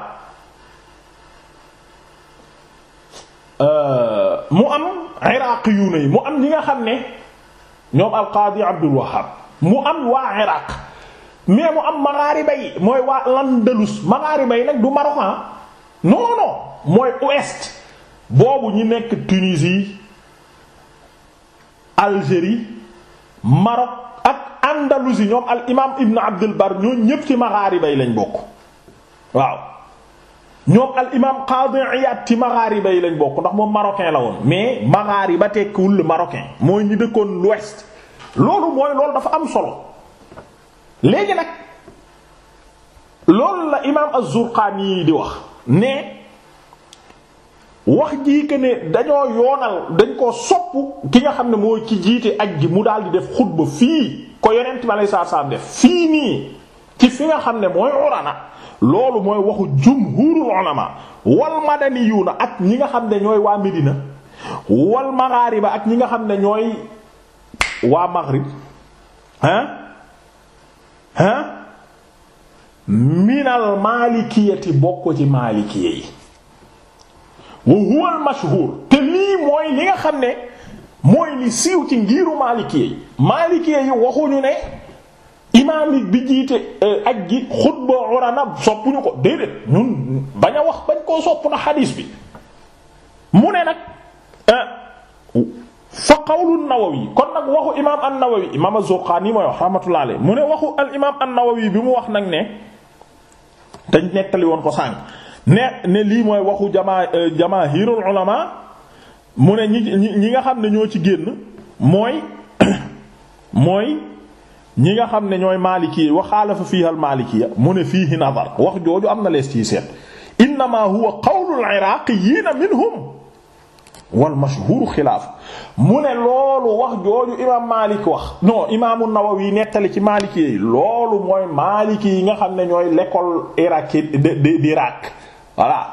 ah mu am Iraaqi yu mu am ñi nga xam ne ñoom al-Qaadi Abdul Wahhab mu am waa Iraq mais mu am Maghariba mooy waa l'Andalus Maghariba nag du Maroc ah. non non mooy ouest. boobu ñu nekk Tunisie Algérie Maroc ak Andalousie ñoom al imaam Ibn Abdul Bar ñoo ñépp ci Maghariba yi lañ bokk waaw ñoom al imaam Qadi Iyad ci Maghariba yi lañ bokk ndax moom marocain la woon mais Maghariba tekkiwul le marocain mooy ñu dëkkoon l'ouest loolu mooy loolu dafa am solo léegi nag loolu la imaam Az-Zurqaani di wax ne. wax jii que ne dañoo yoonal dañ koo sopp ki nga xam ne mooy ci jiite ak gi mu daal di def xutba fii ko yonent bi alei saatu salaam def fii nii ci fi nga xam ne mooy urana loolu mooy waxu jumhurul ulama wal madaniyuna ak ñi nga xam ne ñooy waa Medina wal maghariba ak ñi nga xam ne ñooy waa maghrib ah ah minal maalikiyati bokk ci maalikiyyi wa huwa al mashhur te lii mooy li nga xam ne mooy li siiw ci ngiiru maalikee yi maalikee yi waxuñu ne imaam bi jiite eh, ak gi xutba urana soppuñu ko déedéet ñun bañ a wax bañ koo sopp na xadiis bi mu ne nag eh, fa qawlu nawawi kon nag waxu imaam an-nawawi imaam az-zurqaani mooy wax rahmatullahi mu ne waxu al imaam an-nawawi bi mu wax nag ne dañ nettali woon ko sànq ne ne lii mooy waxu jamaa euh, jamaahirul ulama mu ne ñi ñi nga xam ne ñoo ci génn mooy mooy ñi nga xam ne ñooy maalikiya wa xaalafa fiiha al maalikiya mu ne fii nazar wax jooju am na lees ciy seet innamaa huwa qawlul iraaqiyiina minhum wal mashhur xilaaf mu ne loolu wax jooju imaam Maalik wax non imaamu Nawawi nettali ci Maliki yi loolu mooy Maliki yi nga xam ne ñooy l'école iraki d'Irak voilà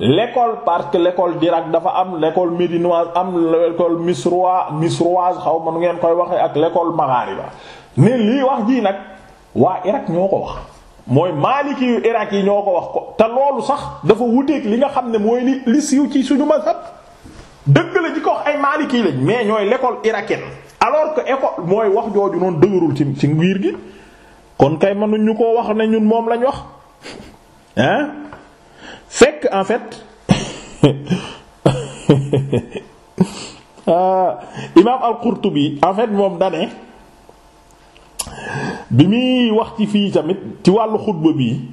l'école parce que l'école d'Irak dafa am l'école médinoise am l'école misroise misroise xaw ma nu ngeen koy waxee ak l'école maghariba ne lii wax jii nag waa Irak ñoo ko wax. mooy maaliki yu Irak yi ñoo ko wax ko te loolu sax dafa wuteek li nga xam ne mooy li li siiw ci suñu mazhab dëgg la ko ay maliki lañ mais ñooy lekkool irakienne alors que école mooy wax jooju noonu dëgërul ci ci ngiir gi kon kay mënuñ ñu ko wax ne ñun moom lañ wax hein fekk en fait euh, imaam al-Qurtubi en fait moom dane bi muy wax ci fii tamit ci wàllu xutba bii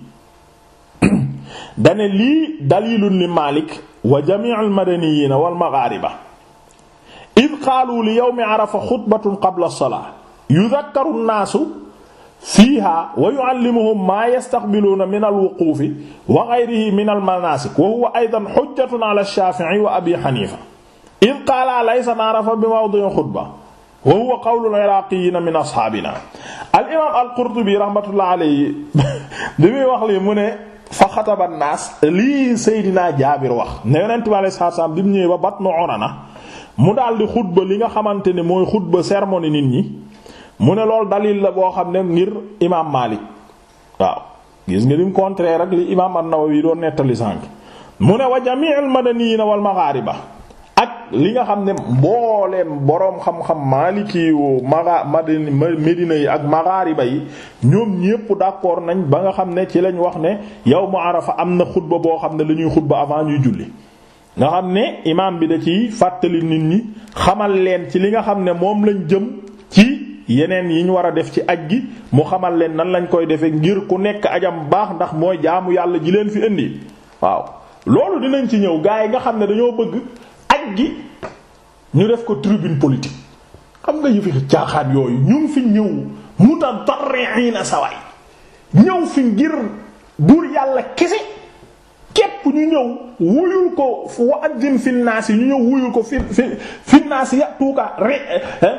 dane lii dalilun li Maalik wa jami'ul madaniyiin wal maghaariba id qaalu li yawmi arafa xutbatun qabla as-salaa yudhakkaru an-naasu fiihaa wa yu'allimuhum maa yastaqbiluuna min al-wuquufi wa ghayrihi min al-manaasik wa huwa aydan hujjatun 'ala ash-Shaafi'i wa Abi Haniifa id qaala laysa arafa bi mawdi'i xutba wa huwa qawlu al-iraaqiyiina min ashaabinaa al-imaam al-Qurtubi rahmatullahi alayhi bi muy wax lii mu ne fa xataba naas lii Seydina Jaabir wax ne yonent bi alayhi salaatu bi mu ñëwee ba Batnu Urana mu daal xutba li nga xamante ne mooy xutba sermon nit ñi mu ne lool dalil la boo xam ne ngir imaam Maalik waaw gis nga lim contraire ak li imaam An-Nawawi doon nettali sànq mu ne wa jami'ul madaniyiina wal maghariba li nga xam ne mbooleem boroom xam-xam maaliki yu maga madina yi ak magaariba yi ñoom ñépp d'accord nañ ba nga xam ne ci lañ wax ne yow mu arafa am na xutba boo xam ne lañuy ñuy xutba avant ñuy julli nga xam ne imaam bi da ci fàttali nit ñi xamal leen ci li nga xam ne moom lañ jëm ci yeneen yi ñu war a def ci aj gi mu xamal leen nan lañ koy defee ngir ku nekk ajam baax ndax mooy jaamu yàlla ji leen fi indi waaw loolu dinañ ci ñëw gaa nga xam ne dañoo bëgg gi ñu def ko tribune politique xam nga yëfi caaxaan yooyu ñu ngi fi ñëw mutadarriina sawaay ñëw fi ngir buur yàlla kese képp ñu ñëw wuyul ko wa addin fi naas ñu ñëw wuyul ko fi fi fi naas yatuuka eh, eh,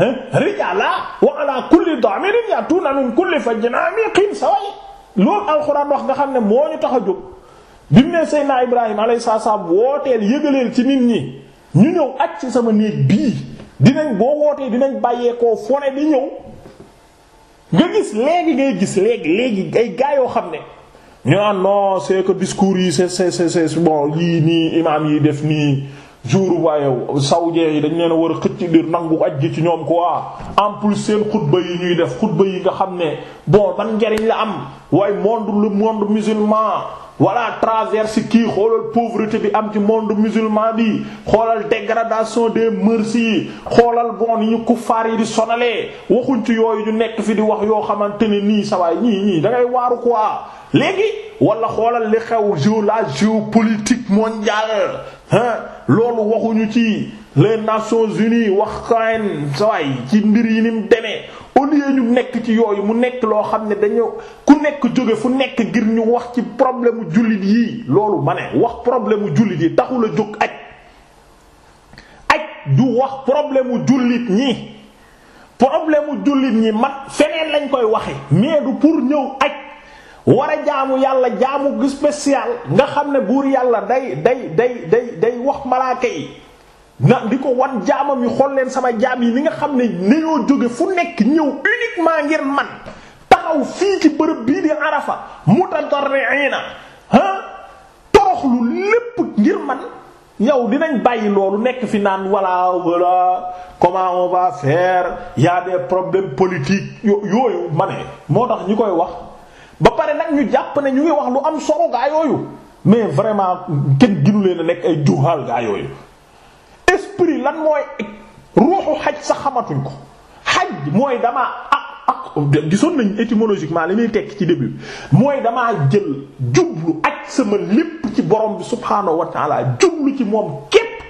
eh, rijaala wa ala kulli daamirin yatuuna min kulli fajjin amiqin sawaay loolu alxuraan wax nga xam ne moo ñu tax a jóg bi mu ne Seydina Ibrahima alayhi salaam wooteel yëgaleel ci nit ñi ñu ñëw ak ci sama néeg bii dinañ boo wootee dinañ bàyyeekoo fone di ñëw nga gis léegi ngay gis léegi léegi ay gaa yoo xam ne ñu naan non c'est que discours yi c'est c'est c'est bon yii nii imaam yi def nii jour waaye saoudien yi dañ leen a war a xëcc di nangu aj gi ci ñoom ko en plus seen xutba yi ñuy def xutba yi nga xam ne bon ban njariñ la am waaye monde monde musulman voilà traverse kii xoolal pauvreté bi am ci monde musulman bi xoolal dégradation de mœurs yi xoolal bon ni ñu kuffaar yi di sonale waxuñ ci yooyu ñu nekk fi di wax yoo xamante ne nii sawaay ñii ñii da ngay waaru quoi léegi wala xoolal li xew géo la géopolitique mondiale hein loolu waxuñu ci les Nations Unies wax kaen sawaay ci mbir yi ni mu demee au lieu ñu nekk ci yooyu mu nekk loo xam ne dañu ku nekk jóge fu nekk ngir ñu wax ci problème u jullit yii loolu ma ne wax problème u jullit yi taxul a jóg aj aj du wax problème u jullit ñi problème u jullit ñi mag feneen lañ koy waxe mais du pour ñëw aj war a jaamu yàlla jaamu spécial nga xam ne buur yàlla day day day day day wax malaaka yi ndax di ko wan jaamam yi xool leen sama jaam yi ni nga xam ne nañoo jóge fu nekk ñëw uniquement ngir man taxaw fii ci bërëb bii di arafa mutadarriina ah toroxlu lépp ngir man yow dinañ bàyyi loolu nekk fi naan voilà voilà comment on va faire y a des problèmes yooyu ma ne moo tax ñi koy wax ba pare nag ñu jàpp na ñu ngi wax lu am solo gaa yooyu mais vraiment kenn ginu leen a nekk ay juhaal gaa yooyu esprit lan mooy ruuxu xaj sax xamatuñ ko xaj mooy damaa ak ak gisoon nañ étymologiquement li muy tekk ci début mooy damaa jël jublu ak sama lépp ci borom bi subhaanahu wa jublu ci moom képp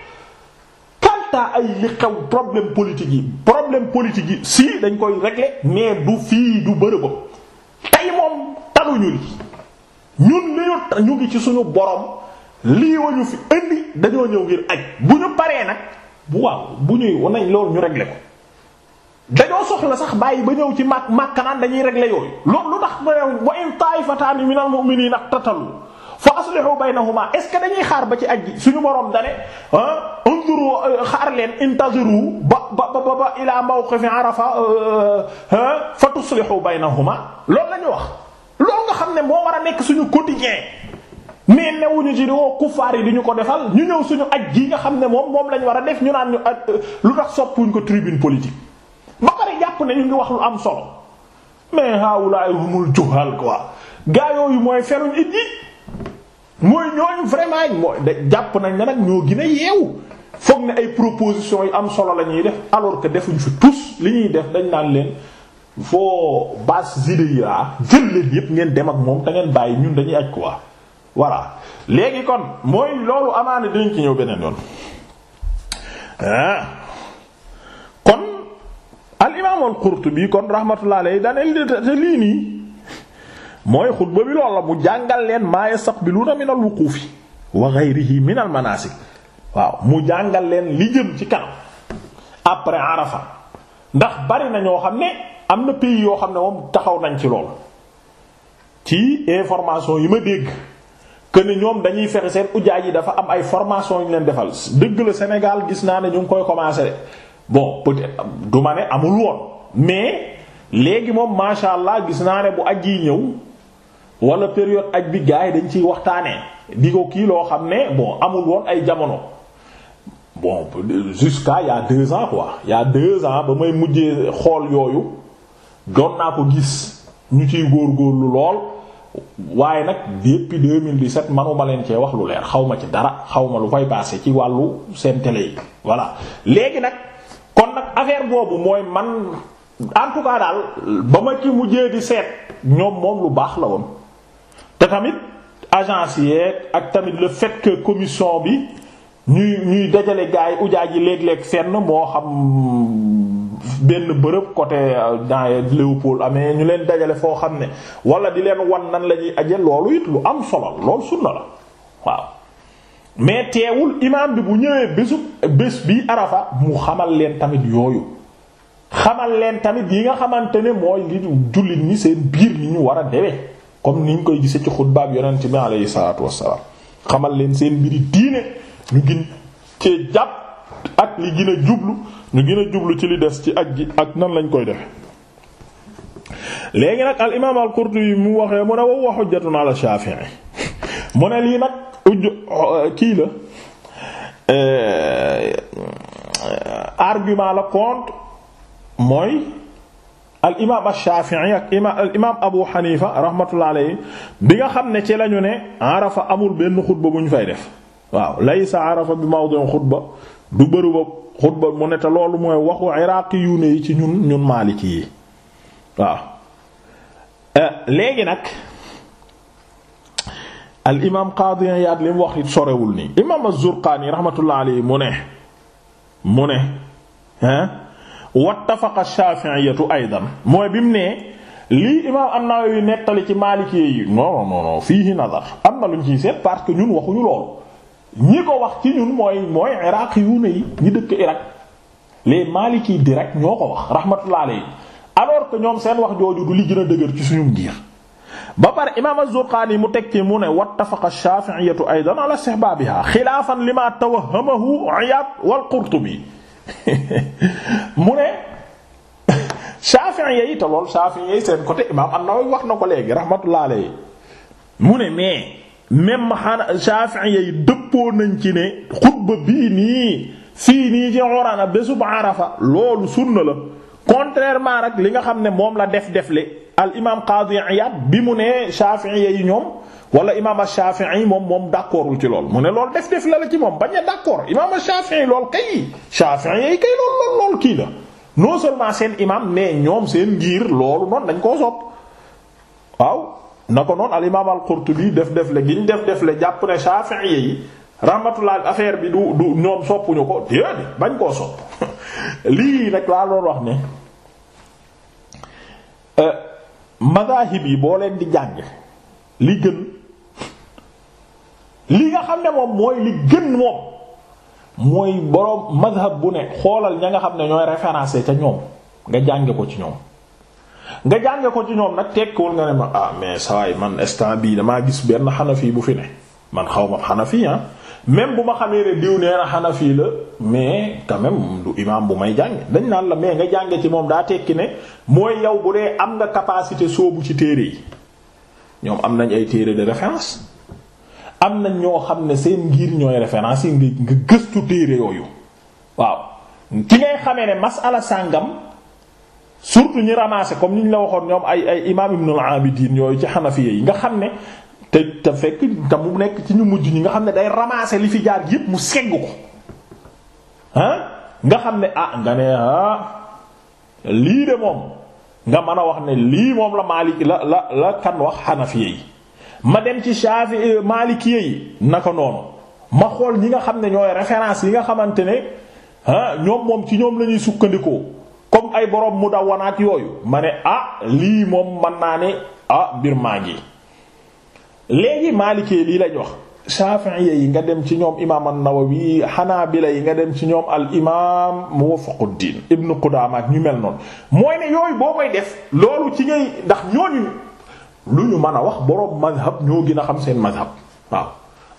tant ay li xew problème politique yi problème politique yi si dañ koy régler mais du fii du bërëbam tey moom taluñu li ñun ñu ngi ci suñu borom lii wañu fi indi dañoo ñëw ngir aj bu ñu paree nag bu waaw bu ñuy nañ loolu ñu régler ko dañoo soxla sax bàyyi ba ñëw ci màkk màkk naan dañuy régler yooyu loolu lu tax mu wa in taa'ifataani minal mu'miniina iqtatalu fa aslihu baynahuma est ce que dañuy xaar ba ci ajji suñu borom dane ah unzuru xaar leen intaziru ba ba ba ba ila mawqifi arafa ah, ah, fa tuslihu baynahuma loolu la ñu wax loolu nga xam ne moo war a nekk suñu quotidien mais newuñu ci di woo kuffaar yi di ñu ko defal ñu ñëw suñu aj gi nga xam ne moom moom lañu war a def ñu naan ñu euh, lu tax soppuñ ko tribune politique ba pare jàpp ne ñu ngi wax lu am solo mais haawulaay humul juhal quoi gaa yooyu mooy feruñ it yi mooy ñooñu vraiment mooy de jàpp nañ ne nag ñoo gën a yeewu foog ne ay propositions yu am solo la ñuy def alors que defuñ fi tous li ñuy def dañ naan leen foo base idées yi jël leen yépp ngeen dem ak moom te ngeen bàyyi ñun dañuy aj quoi. voilà léegi kon mooy loolu amaana dañ ci ñëw beneen yoon ah. kon al imaam al Qurtubi kon rahmatullahi alayhi danel te lii nii mooy xutba bi loolu la mu jàngal leen maa yastaqbiluna min al wuquufi wa ghayrihi min al manasik waaw mu jàngal leen li jëm ci kanam après Arafa ndax bari na ñoo xam ne am na pays yoo xam ne moom taxaw nañ ci lool ci information yi ma dégg que ne ñoom dañuy fexe seen ujaay yi dafa am ay formation yu leen defal dëgg la Sénégal gis naa ne ñu ngi koy commencer bon peut du ma ne amul woon mais léegi moom macha allah gis naa ne bu aj gi ñëw wala période aj bi gars yi dañ ciy waxtaanee di ko kii loo xam ne bon amul woon ay jamono bon jusqu'à il y a deux ans quoi il y a ans ba may mujjee xool yooyu doon naa ko gis ñu ciy góor góorgóorlu lool. waaye nag depuis 2017 manuma leen cee wax lu leer xaw ma ci dara xaw ma lu fay passé ci wàllu seen télé yi voilà léegi nag kon nag affaire boobu mooy man en daal ba ma ci mujjee di seet ñoom moom lu baax la woon te tamit agence ak tamit le fait commission bi ñuy ñuy dajale gaay ujaay ji léeg-léeg fenn moo xam benn bërëb côté euh, dans Léopold amee ñu leen dajale foo xam ne wala di leen wan nan la ñuy aje loolu it lu am solo loolu sunna la waaw mais teewul imaam bi bu ñëwee bésu bés bi Arafa mu xamal leen tamit yooyu xamal leen tamit yi nga xamante ne mooy li jullit ñi seen biir ni ñu war a dewee comme ni ñu koy gisee ci xutbaab yonent bi alayhi salaatu wassalaam xamal leen seen mbiri diine ñu gin cee jàpp ak li gën a jublu ñu gën jublu ci li des ci ak ji ak nan lañ koy def léegi nag al imaam al Qurtubi mu waxee mu ne wow wa hujjatun ala Shafi'i mu ne lii nag uj kii la eh, argument la contre mooy al imaam ash-Shafi'i ak imaam Abu Hanifa rahmatullahi alayhi bi nga xam ne ci lañu ne Arafa amul benn xutba bu ñu fay def waaw laysa Arafa bi mawdi'u xutba du bërëb xutba mu ne te loolu mooy waxu iraqi yu ne yi ci ñun ñun maaliki yi waaw eh, léegi nag al imaam Qaadi Iyaad li mu wax sorewul nii imaam az-Zurqaani raxmatullahi alayhi mu ne mu ne hein wattafaqa ash-Shaafi'iyyatu aydan mooy bi mu nee lii imaam an-Nawawi nettali ci maaliki yi non non non fiihi nazar am na luñ ciy seet parce que ñun waxuñu loolu ñi ko wax ci ñun mooy mooy iraq yu ne yi ñi dëkk iraq les maliki direct ñoo ko wax rahmatullah alayhi alors ñoom seen wax jooju du li gën dëgër ci suñu ngir ba pare imaam az-Zurqaani mu teg ci mu ne wattafaqa ash-Shaafi'iyyatu aydan ala istihbaabiha xilaafan lima tawahhamahu Iyaad wal Qurtubi mu ne Shaafi'iyya yi te lool Shaafi'iyya yi seen côté imaam an-Nawawi wax na ko léegi rahmatullah mu ne mais même xanaa Shafi'i yi dëppoo nañ ci ne xutba bii nii fii nii ci Urana ba Arafa loolu sunna la contrairement rek li nga xam ne moom la def defle al imaam Qadi Iyad bi mu ne Shafi'i yi ñoom wala imaam Shafi'i moom moom d'accordul ci lool mu ne lool def def la la ci moom bañ a d'accord imaam Shafi'i lool kay Shafi'i yi kay lool lool kii la non seulement seen imaam mais ñoom seen ngir loolu noonu dañ koo sopp waaw. na ko noonu al imaam al Qurtubi def def le gi ñu def def le jàpp ne Shafi'i yi rahmatullah affaire bi du du ñoom soppuñu ko déedéet bañ koo sopp lii nag laa doon wax ne euh, madahib yi boo leen di jàng li gën li nga xam ne moom mooy li gën moom mooy boroom madhab bu ne xoolal ña nga xam ne ñooy référencé ca ñoom nga jànge ko ci ñoom nga jànge ko ci ñoom nag tekkiwul nga ne ma ah mais sawaay man instant bii damaa gis benn fii bu fi ne man xaw ma fii ah même bu ma xamee ne diw nee na xanafi la mais quand même du bu may jànge dañ naan la mais nga jànge ci moom daa tekki ne mooy yow bu dee am nga capacité soobu ci téere yi ñoom am nañ ay téere de référence am nañ ñoo xam ne seen ngir ñooy référence yi nga gëstu téere yooyu waaw ki ngay xamee ne masala sàngam surtout ñi ramassé comme ni ñu la waxoon ñoom ay ay imaam ibnul abidin yooyu ci xanafiya yi nga xam ne te te fekk te mu nekk ci ñu mujj ñi nga xam ne day ramassé li fi jaar yépp mu segg ko ah nga xam ne ah nga ne ah lii de moom nga mën a wax ne lii moom la Maalik la la la kan wax xanafiya yi ma dem ci Shaafi euh, Maalikiya yi naka noonu ma xool ñi nga xam ne ñooy référence yi nga xamante ne ah ñoom moom ci ñoom la ñuy sukkandikoo. comme ay boroom mu daw wanaat yooyu ma ne ah lii moom man naa ne ah mbir maa ngi léegi maalikee lii lañ wax shafi'iyya yi nga dem ci ñoom imaam an-Nawawi hanabila yi nga dem ci ñoom al imaam Muwafaquddin ibnu Qudaama ñu mel noonu mooy ne yooyu boo koy def loolu ci ngay ndax ñooñu lu ñu mën a wax borom mazhab ñoo gën a xam seen mazhab waaw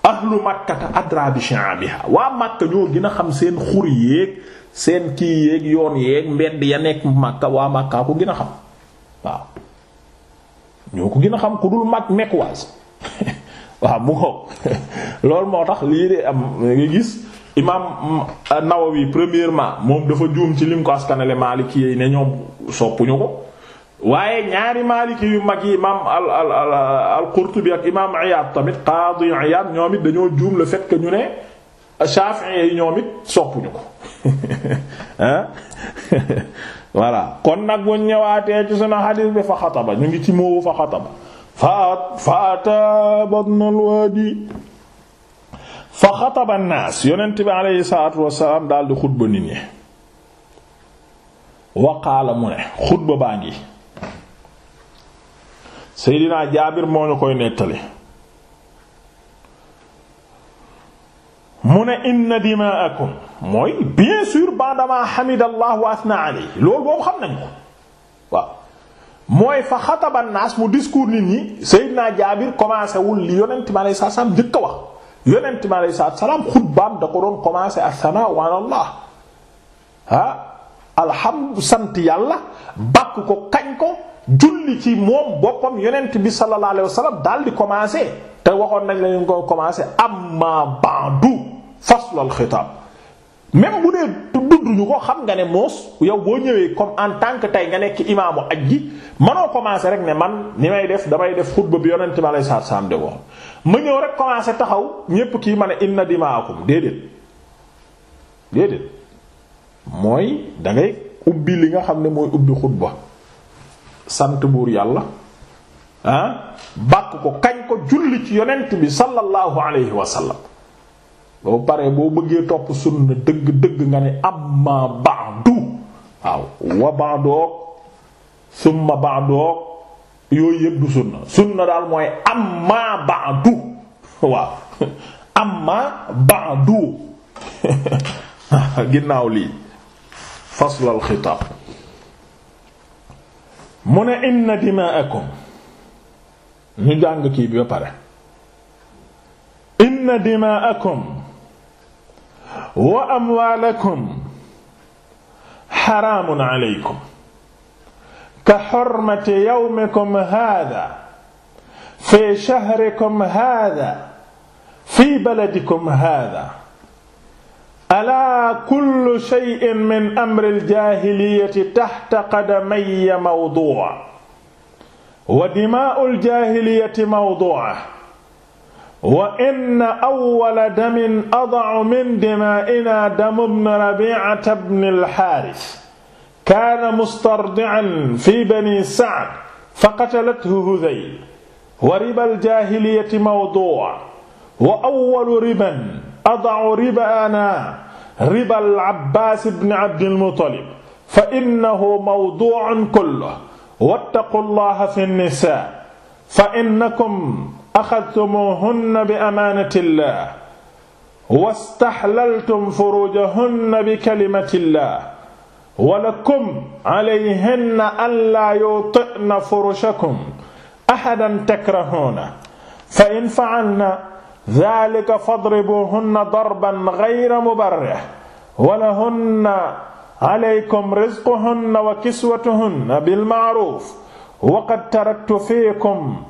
ahlu makkata adra bi sha'abiha waa makka ñoo gën a xam seen xur yéeg seen kii yéeg yoon yéeg mbedd ya nekk makka waa makka ko gën a xam waaw ñoo ko gën a xam ku dul mag mekkuwaas waaw mu ngoog loolu moo tax lii de am nga gis imaam mm, Nawawi premièrement moom dafa juum ci lim ko askanale Maliki yi ne ñoom soppuñu ko waaye ñaari maaliki yu mag yi imaam al al al al-Qurtubi ak imaam Iyaad tamit qaadi Iyaad ñoom it dañoo juum le ñu ne Shafi'i yi ñoom it soppuñu ko ah voilà kon nag bu ñëwaatee ci sunu xadiis bi fa xataba ñu ngi ci moowu fa xataba fa fa ata batn al fa xataba an yonent bi alayhi salaatu wassalaam daal di xutba nit ñi waqaala mu ne xutba baa ngi Seydina Jaabir moo ñu koy nettali mu ne inna dimaakum mooy bien sûr baadama hamidallah wa asna alayhi loolu boobu xam nañ ko mooy fa xataba naas mu discours nit ñi Seydina Jaabir commencé wul li yonent mi alayhi salaam njëkk a wax yonent mi alayhi salaam xutbaam da ko doon commencé as-sanaa ala Allah alhamdu sant yàlla bakk ko kañ ko. julli ci moom boppam yonent bi sallallahu alayhi wasallam daal di commencer te waxoon nañ la ñu ko commencer amma du faslal xitaab même bu dee tudduñu ko xam nga ne moos yow boo ñëwee comme en tant que tey nga nekk imaamu aj gi manoo commencer rek ne man ni may def damay def xutba bi yonent bi alayhi salaam de wax ma ñëw rek commencer taxaw ñépp kii ma ne inna dimaakum déedéet déedéet mooy da ngay ubbi li nga xam ne mooy ubbi xutba sant buur yàlla ah bàkk ko kañ ko julli ci yonent bi sallallahu alayhi wa boo paree boo bëggee topp sunna dëgg-dëgg nga ni amma ba'du waaw wa ba'doog summa ba'doog yooyu yëpp sunna sunna daal mooy amma ba'du waaw amma ba'du ginnaaw lii faslal xitaab mu ne inna dimaakum ñu jàng kii bi ba pare inna dimaakum wa amwaalakum xaraamun aleykum ka xormati yawmikum haadaa fi shahrikum haadaa fi baladikum haadaa alaa kullu shay'in min amril jaahiliyati tahta qadamayya mawdu'a wa dimaa'ul jaahiliyati mawdu'a wa inna awwala damin ada'u min dimaa'inaa damu ibni Rabii'ata ibnil Haaris kaana mustardi'an fii banii Sa'd faqatalathu Hudayl wa ribal jaahiliyati mawdu'a wa awwalu riban ada'u ribaana ribal abbaas ibn abdil muttalib fa innahu mawdu'un kulluhu wattaqullaha fi nisaa fa innakum axadtumuhunna bi amaanatillah wastaxlaltum furujahunna bi kalimatillah walakum alayhinna allaa yuti'na furushakum ahadan takrahuuna fa in fa'alna zaalika fadribuhunna darban ghayra mubarrih wa lahunna alaykum rizquhunna wa kiswatuhunna bil ma'ruf wa qad taraktu fiikum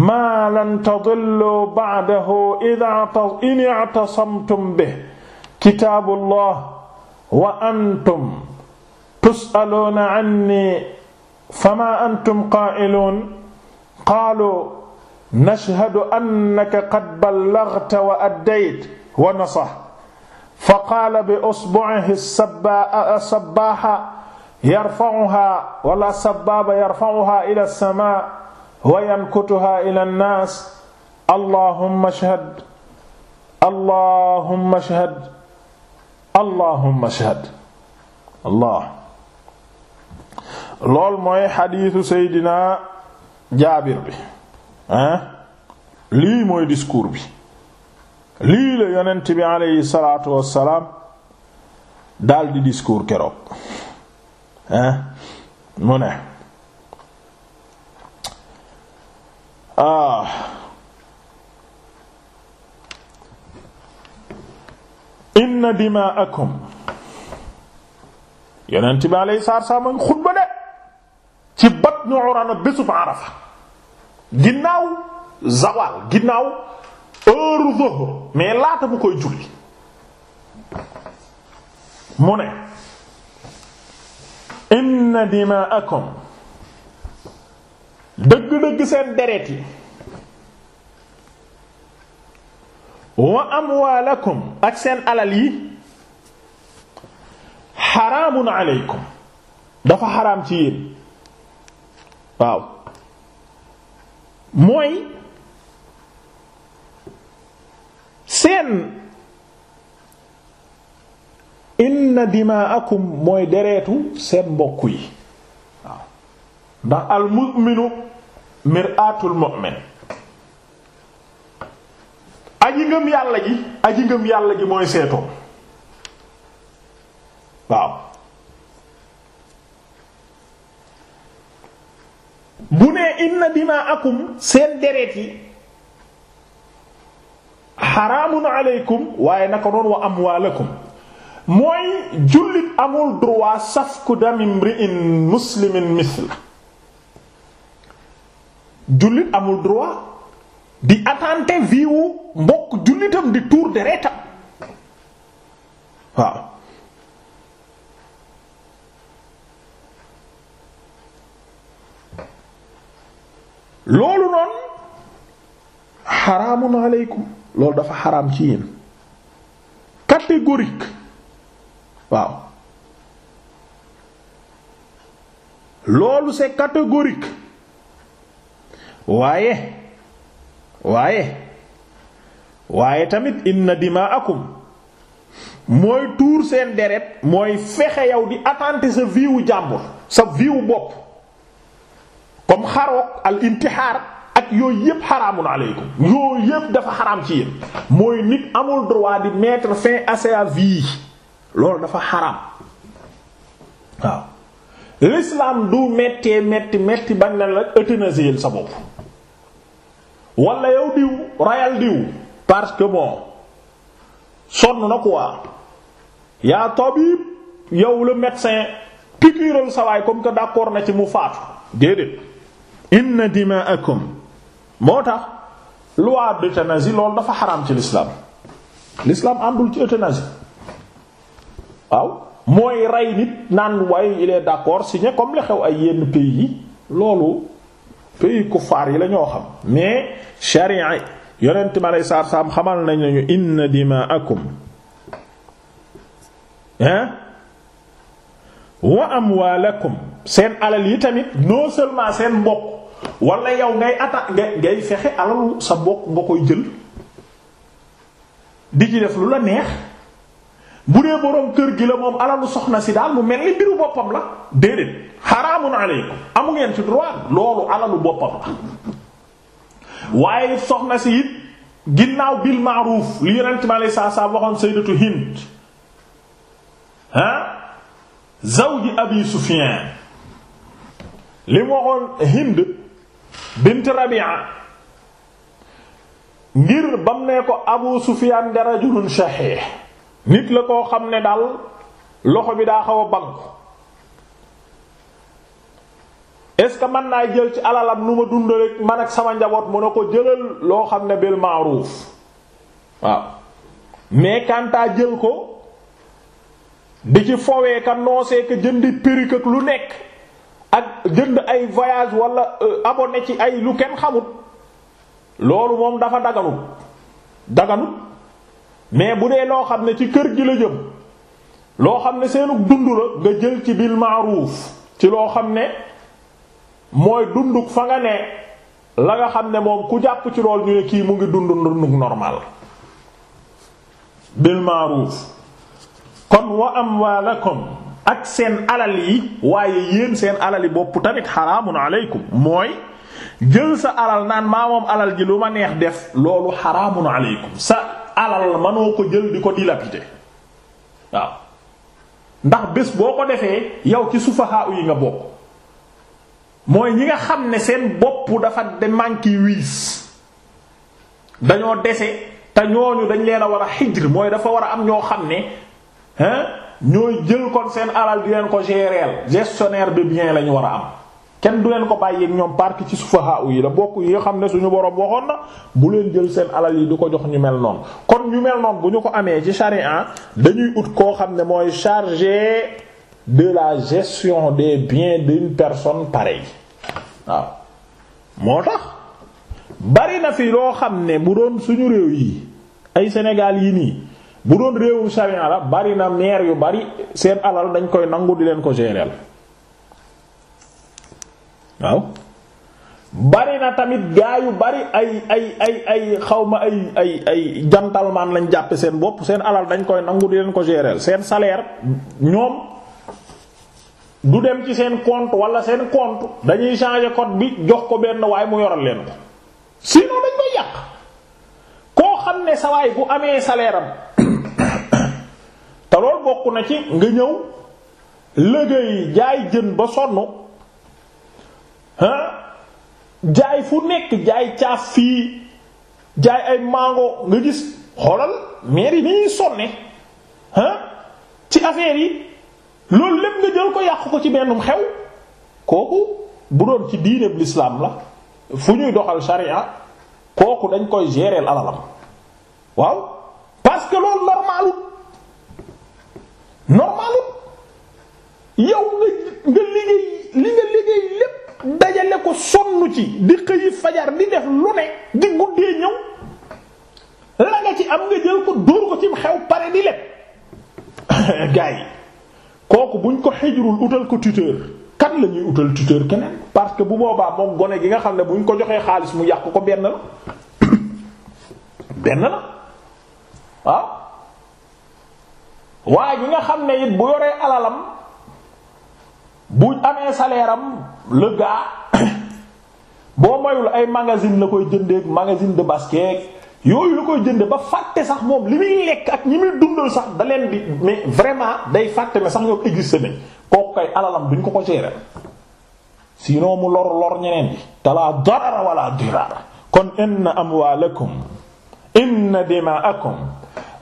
maa lan tadillu ba'dahu in i'tasamtum bihi kitaabullahi wa antum tus'aluuna anni famaa antum qaa'iluun qaaluu nashhadu annaka qad ballaghta wa addayt wa nasah fa qaala bi usbu'ihi as-sabbaaha yarfa'uha wala sabbaaba yarfa'uha ila as-samaa wa yankutuha ila an-naas allahumma ashhad allahumma ashhad allahumma ashhad allah lool mooy xadiisu seydina jaabir bi ah lii mooy discours bi lii la yonent bi aleyhi salaatu wassalaam daal di discours keroog ah mu ne ah inna dimaakum yonent bi aleyhi salaatu wassalaam xutba de ci batnu Urana bésub Arafa ginnaaw zawal ginnaaw heure dhuhr mais laata bu koy julli mu ne inna dimaakum dëgg-dëgg seen deret yi wa amwaalakum ak seen alal yi xaraamun aleykum dafa xaraam ci yéen waaw mooy seen inna dimaakum mooy deretu seen mbokk yi waaw ndax al mu'minu mir'atul mu'min aji ngëm yàlla ji aji ngëm yàlla ji mooy seetoo waaw ne inna dimaakum seen deret yi xaraamun waaye naka doon wa amwaalakum mooy jullit amul droit safku dami muslimin misl jullit amul droit di attenter vie wu mbokk jullitam di tuur deretam loolu noonu xaraamun aleykum loolu dafa xaram ci yéen catégorique waaw loolu c'est catégorique waaye waaye waaye tamit na inna dimaakum mooy tuur seen deret mooy fexe yow di attenter sa vie jàmbur sa viwu bopp comme xaroog al intixaar ak yooyu yépp xaraamun aleykum yooyu yépp dafa xaraam ci yéen mooy nit amul droit di mettre fin à vie loolu dafa xaraam waaw l'islam du mettee metti metti bañ na la euthanasie sa bopp wala yow diw rayal diw parce que bon sonn na quoi yaa tabib yow le médecin piqûral sa comme que d'accord na ci mu faatu déedéet inna dimaakum moo tax loi d'euthanasie loolu dafa xaraam ci l'islam l'islam àndul ci euthanasie waaw mooy rey nit naan waaye il est d'accord signé comme li xew ay yenn pays yi loolu pays kuffaar yi la ñoo xam mais sharia yonent mi aley saatu salaam xamal nañ nañu inna dimaakum wa amwaalakum seen alal yi tamit non seulement seen mbokk wala yow ngay atta ngay ngay fexe alalu sa bokk nga koy jël di ci def lu la neex bu dee boroom kër gi la moom alalu soxna si daal mu mel ni mbiru boppam la déedéet xaraamun aleykum amu ngeen ci droit loolu alalu boppam la waaye soxna si it ginnaaw bil ma'ruf li yonent mi alayhi salaam waxoon sayyidatu Hind ah zawji Abi Sufyan li waxoon Hind bint Rabi'a ngir bam ne ko Abu Sufyaan da rajulun shahih nit la koo xam ne daal loxo bi daa xaw a banku est ce que mën naa jël ci alalam nu ma dundale man ak sama njaboot mu ne ko jëlal loo xam ne bil ma'ruf waaw mais kantaa jël ko di ci fowee ka noosee ka jëndi périk ak lu nekk ak gën ay voyage walla euh, abone ci ay lu kenn xamut loolu moom dafa daganut daganut mais bu dee loo xam ne ci kër gi la jëm loo xam ne seenug dund la nga jël ci bil ma'ruf ci loo xam ne mooy dunduk fa nga ne la nga xam ne moom ku jàpp ci lool ñu ne kii mu ngi dund dunduk normal bil ma'ruf kon wa amwalakum ak seen alal yi waaye yéen seen alal yi bopp tamit xaraamun aleykum mooy jël sa alal naan maa moom alal ji lu ma neex def loolu xaraamun aleykum sa alal manoo ko jël di ko dilapider waaw ndax bés boo ko defee yow ci sufahaa yi nga bokk mooy ñi nga xam ne seen bopp dafa de manqué wiis dañoo dese te ñooñu dañ leen a war a xijr mooy dafa war a am ñoo xam ne hein ñooy jël kon seen alal di leen ko gérer gestionnaire de biens lañu war a am kenn du leen ko bàyyeeg ñoom park ci sufaha yi la bokk yi nga xam ne suñu borom waxoon na bu leen jël seen alal yi du ko jox ñu mel noonu kon ñu mel noonu bu ñu ko amee ci charia dañuy ut koo xam ne mooy chargé de la gestion des biens d'une personne pareille waaw moo tax bari na fi loo xam ne bu doon suñu réew yi ay Sénégal yi nii. bu doon réewum charia la bari na maire yu bari seen alal dañ koy nangu di leen ko gérer waaw bari na tamit gaa yu bari ay ay ay xawma ay ay ay jantalmaan lañ jàppe seen bopp seen alal dañ koy nangu di leen ko gérer seen salaire ñoom du dem ci seen compte wala seen compte dañuy changer code bi jox ko benn waaye mu yoral leen ko sinon dañ koy yàq koo xam ne sa bu amee salaire te lool bokk na ci nga ñëw liggéey jaay jën ba sonn ah jaay fu nekk jaay caaf fii jaay ay mango nga gis xoolal maire yi dañuy sonne ah ci affaire yi loolu lépp nga jël ko yàq ko ci bennum xew kooku bu doon ci diine bu lislaam la fu ñuy doxal sharia kooku dañ koy gérer alalam waaw parce loolu normalul normalu yow nga nga liggéey li nga liggéey lépp dajale ko sonn ci di xëyi fajar di def lu ne di guddee ñëw la nga ci am nga jël ko dóor ko ci xew pare di lépp gars yi kooku buñ ko xijrul utal ko tuteur kan lañuy ñuy utal tuteur keneen parce que bu boobaa moom gone gi nga xam ne buñ ko joxee xaalis mu yàq ko benn la benn la waaw ah? waaye yi nga xam ne it bu yoree alalam bu amee salaire am boo mayul ay magazine la koy jëndee magazine de basket yooyu la koy jënde ba fàtte sax moom li muy lekk ak ñi muy dundal sax da bi mais vraiment day fàtte mais sax ñoom existé nañ kooku kay alalam duñ ko ko si sinon mu lor lor ñeneen bi talaa darara wala dirara kon inna amwalakum inna dimaakum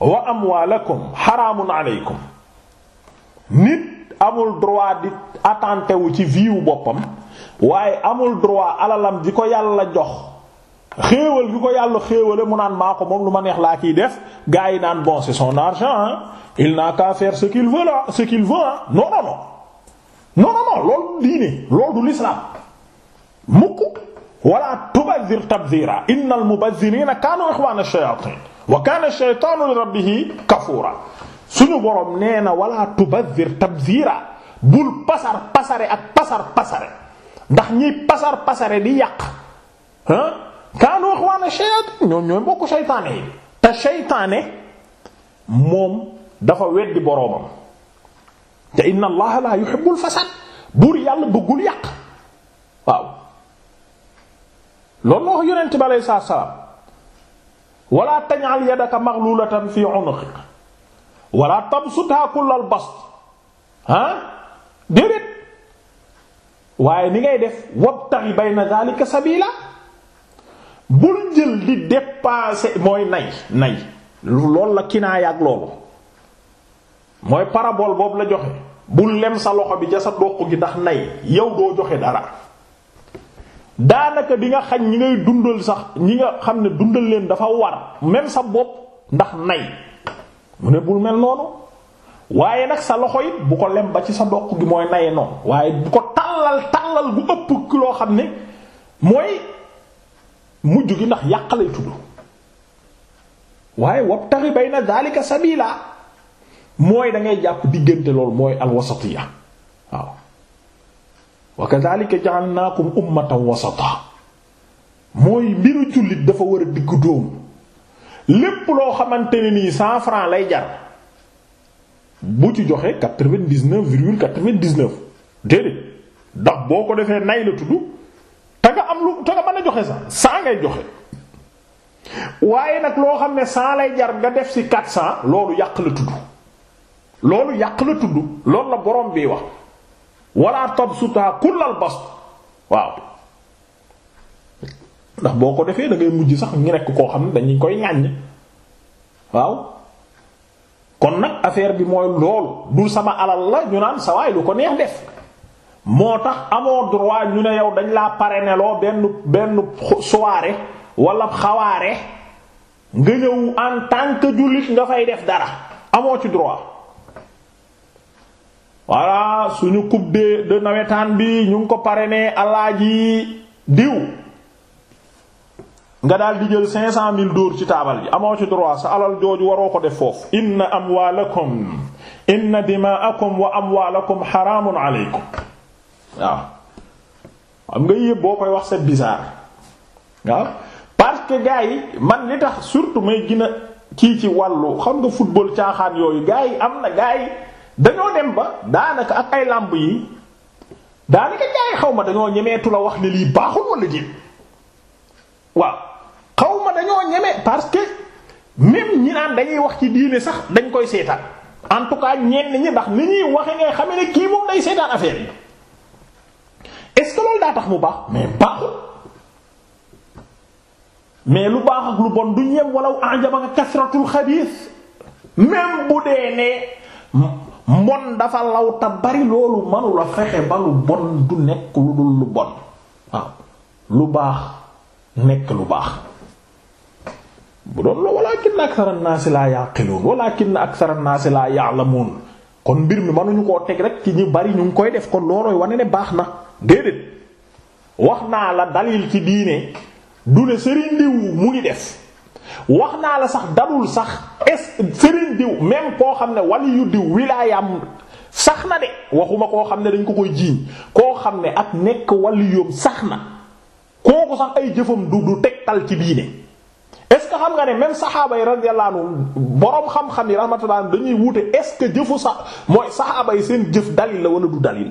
wa amwaalakum xaraamun aleykum nit amul droit di attenter ci viwu boppam waaye amul droit alalam di ko yàlla jox xéewal gi ko yàlla xéewale mu naan maa moom lu ma neex laa ciy def gars yi naan bon c'est son argent hein il n'a qu'à faire ce qu'il veut là ce qu'il veut hein non non non non non du l'islam mukk wala tubazir tabzira innal mubazzirina kaanu ikhwana ash-shayatin wa kaana shaytaanu li rabbihi kafuura suñu borom nee na wala tubadhir tabdhira bul pasar pasare ak pasar pasare ndax ñiy pasar pasare di yàq ah kaanu ikhwaana shayaatiin ñoom ñooy mbokku shaytaane yi te shaytaane moom dafa weddi boroomam te inna allaha la yuhibbul fasad buur yàlla bëggul yàq waaw loolu moo ko yonent bi alayhi salaam wala taj'al yadaka maghlulatan fi 'unuqik wala tabsutha kullal bast ah déedéet waaye ni ngay def wabtaghi bayna dhalika sabila bul jël di dépasser mooy nay nay lool la kinaaya ak loolu mooy parabole boobu la joxe bul lem sa loxo bi ca sa doq gi ndax nay yow doo joxe dara daanaka di nga xañ ñi ngay dundal sax ñi nga xam ne dundal leen dafa war même sa bopp ndax nay mu ne bul mel noonu waaye nag sa loxo it bu ko lem ba ci sa doq gi mooy naye noonu waaye bu ko tàllal tàllal bu ëpp loo xam ne mooy mujj gi ndax yàq lay tudd waaye wabtaxi bayna daalika sabila mooy da jàpp diggante loolu mooy alwasatiya waaw wa kadhalika ja'alnaakum ummatan wasata mooy mbiru jullit dafa war a diggu dóomu lépp loo xamante ne nii cent francs lay jar bu ci joxe quatre-vingt-dix-neuf virgule quatre-vingt-dix-neuf ndax boo ko defee nay la tudd te nga am lu te nga mën a joxe sax cent ngay joxe waaye nag loo xam ne cent lay jar nga def ci quatre cent loolu yàq la tudd loolu yàq la tudd loolu la borom bi wax wala tabsuta kullal bast waaw ndax boo ko defee da mujj sax ngi nekk koo xam ne dañuy koy ŋàññ waaw kon nag affaire bi mooy lool du sama alal la ñu naan sawaay lu ko neex def moo tax amoo droit ñu ne yow dañ laa pare loo benn benn soirée walla xawaare nga ñëw en tànk que jullit nga fay def dara amoo ci droit waa suñu coupe de de nawetaan bi ñu ngi ko pare parrainé alaaji diw nga daal di jël cinq cent mille dóor ci taabal ji amoo ci droit sa alal jooju waroo ko def foofu inna amwaalakum inna dimaakum wa amwaalakum xaraamun aleykum waaw xam nga yëpp boo koy wax c'est bizarre waaw parce que gars yi man li tax surtout may gën a kii ci wàllu xam nga football caaxaan yooyu gars yi am na gars yi dañoo dem ba daanaka ak ay làmb yi daanaka jaay xaw ma dañoo ñemeetu la wax ni lii baaxul wala jéem waaw xaw ma dañoo ñeme parce que même ñi naan dañuy wax ci diine sax dañ koy seetaan en tout cas ñenn ñi ndax ni ñuy waxe ngay xame ne kii moom day seetaan affaire yi est daa tax mu baax mais baaxul mais lu baax ak lu bon du ñeem walaw anjabaka kasratul xabiis même bu dee ne. mbon dafa law ta bari loolu manula fexe ba lu bon du nekk lu dul lu bon lu baax nekk lu baax bu doon la walakin aksara naasi laa yaqilun walakin aksara naasi laa ya'lamun kon mbir mi mënuñu koo teg rek ci ñu bari ñu ngi koy def kon loolooy wane ne baax na déedéet wax naa la dalil ci diine du ne sëriñ diw mu ngi def wax naa la sax darul sax est sëriñ diw même koo xam ne waliyu diw wilaayam sax na de waxuma koo xam ne dañ ko koy jiiñ koo xam ne ak nekk waliyum sax na kooku sax ay jëfam du du tegtal ci bii est-ce que xam nga ne même saxaaba yi radiyallahu anhum boroom xam-xam yi rahmatullah dañuy wuute est-ce que jëfu sax mooy saxaaba yi seen jëf dalil la wala du dalil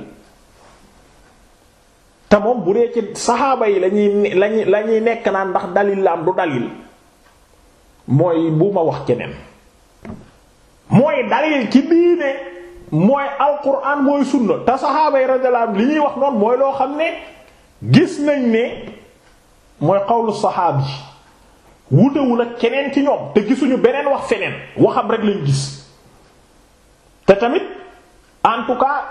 te moom bu dee ci saxaaba yi lañuy lañuy lañuy nekk naan ndax dalil la am du dalil mooy bu ma wax keneen mooy dalil ci diine mooy alquran mooy sunna te saxaaba yi li ñuy wax noon mooy loo xam ne gis nañ ne mooy xawlu saxaab yi wutewul ak keneen ci ñoom te gisuñu beneen wax feneen waxam rek lañ gis te tamit en tout cas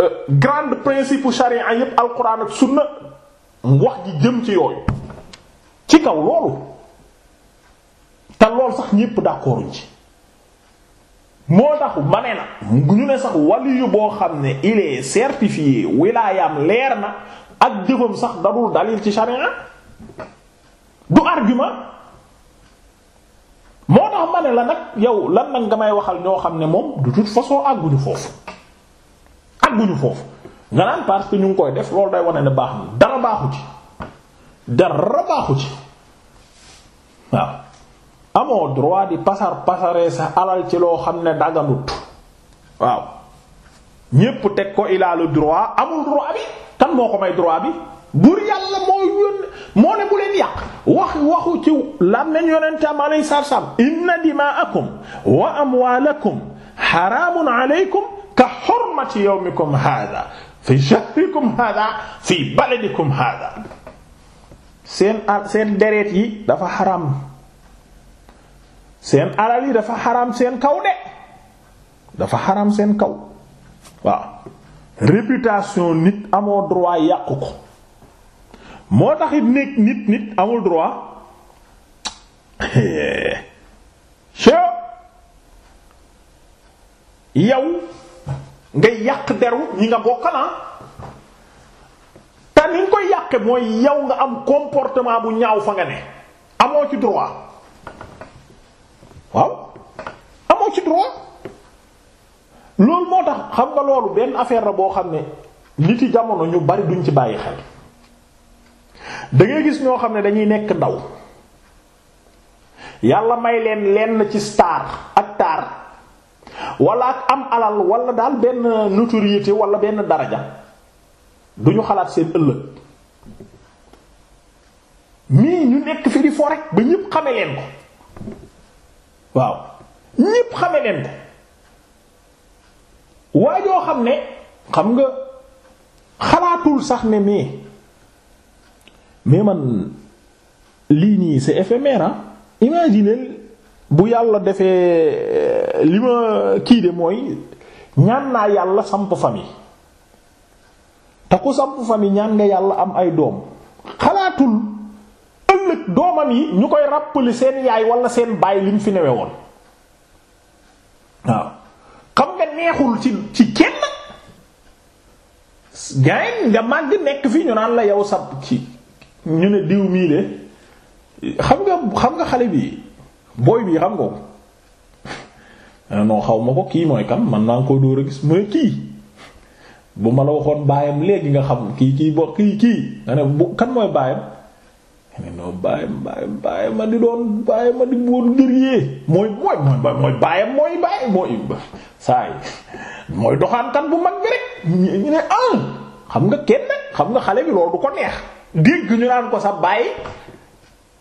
euh, grand principe charia yépp alquran ak sunna wax ji jëm ci yooyu ci kaw loolu lool sax ñépp d'accord ñu ci moo tax ma ne na ñu ne sax waliyu boo xam ne il est wilaayam leer na ak jëfam sax dadul dalil ci sharia du argument moo tax ma la nag yow lan nag nga may waxal ñoo xam ne moom de toute façon àgguñu foofu àgguñu foofu nga naan parce que ñu ngi koy def loolu day wane ne baax na dara baaxu ci dara baaxu ci waaw amoo droit di pasar pasaree sa alal ci loo xam ne daganut waaw ñépp teg ko il a le droit amul droit bi kan moo ko may droit bi buur yàlla moo yónn moo ne bu leen yàq wax waxu ci lam nañ yonentam alay sarsam inna dimaakum wa amwaalakum xaraamun aleykum ka xormati yawmikum hada fi shahrikum hada fi baladikum hada seen deret yi dafa xaram seen alal yi dafa xaram seen kaw de dafa xaram seen kaw waaw réputation nit amoo droit yàq ko moo taxit nit nit nit amul droit yow nga yàq deru ñi nga bokkala ah. te ni nga koy yàqe mooy yow nga am comportement bu ñaaw fa nga ne amoo ci droit waaw amoo ci droit loolu moo tax xam nga loolu benn affaire la boo xam ne nit yi jamono ñu bari duñ ci bàyyi xel da gis ñoo xam ne dañuy nekk ndaw yàlla may leen lenn ci star ak taar wala ak am alal walla daal benn notoriété wala benn daraja duñu xalaat seen ëllëg mii ñu nekk fi di fo ba ñépp xame leen ko waaw ñépp xame leen ko waa joo xam ne xam nga xalaatul sax ne mais mais man lii nii c'est éphémère imagine bu yàlla defee euh, li ma kii de mooy ñaan naa yàlla samp famille te ku samp famille ñaan nga yàlla am ay doom xalaatul ëllëg doomam yi ñu koy rappeler seen yaay wala seen baay liñ fi newe woon waaw xam nga neexul ci ci kenn gaay nga màgg nekk fi ñu naan la yow sab ci ñu ne diw mii xam nga xam nga xale bi booy bii xam nga ko ah, non xaw ma ko kii mooy kan man naa ko dóor a gis mooy kii bu ma la waxoon baayam léegi nga xam kii kii bo kii kii nga ne bu kan mooy baayam non baayam baayam baayam ma di doon baayam ma di woon gërëyee mooy mooy mooy mooy baayam mooy baay mooy saay mooy doxaankat bu mag bi rek ñu ne ah xam nga kenn xam nga xale bi loolu du ko neex dégg ñu naan ko sa baay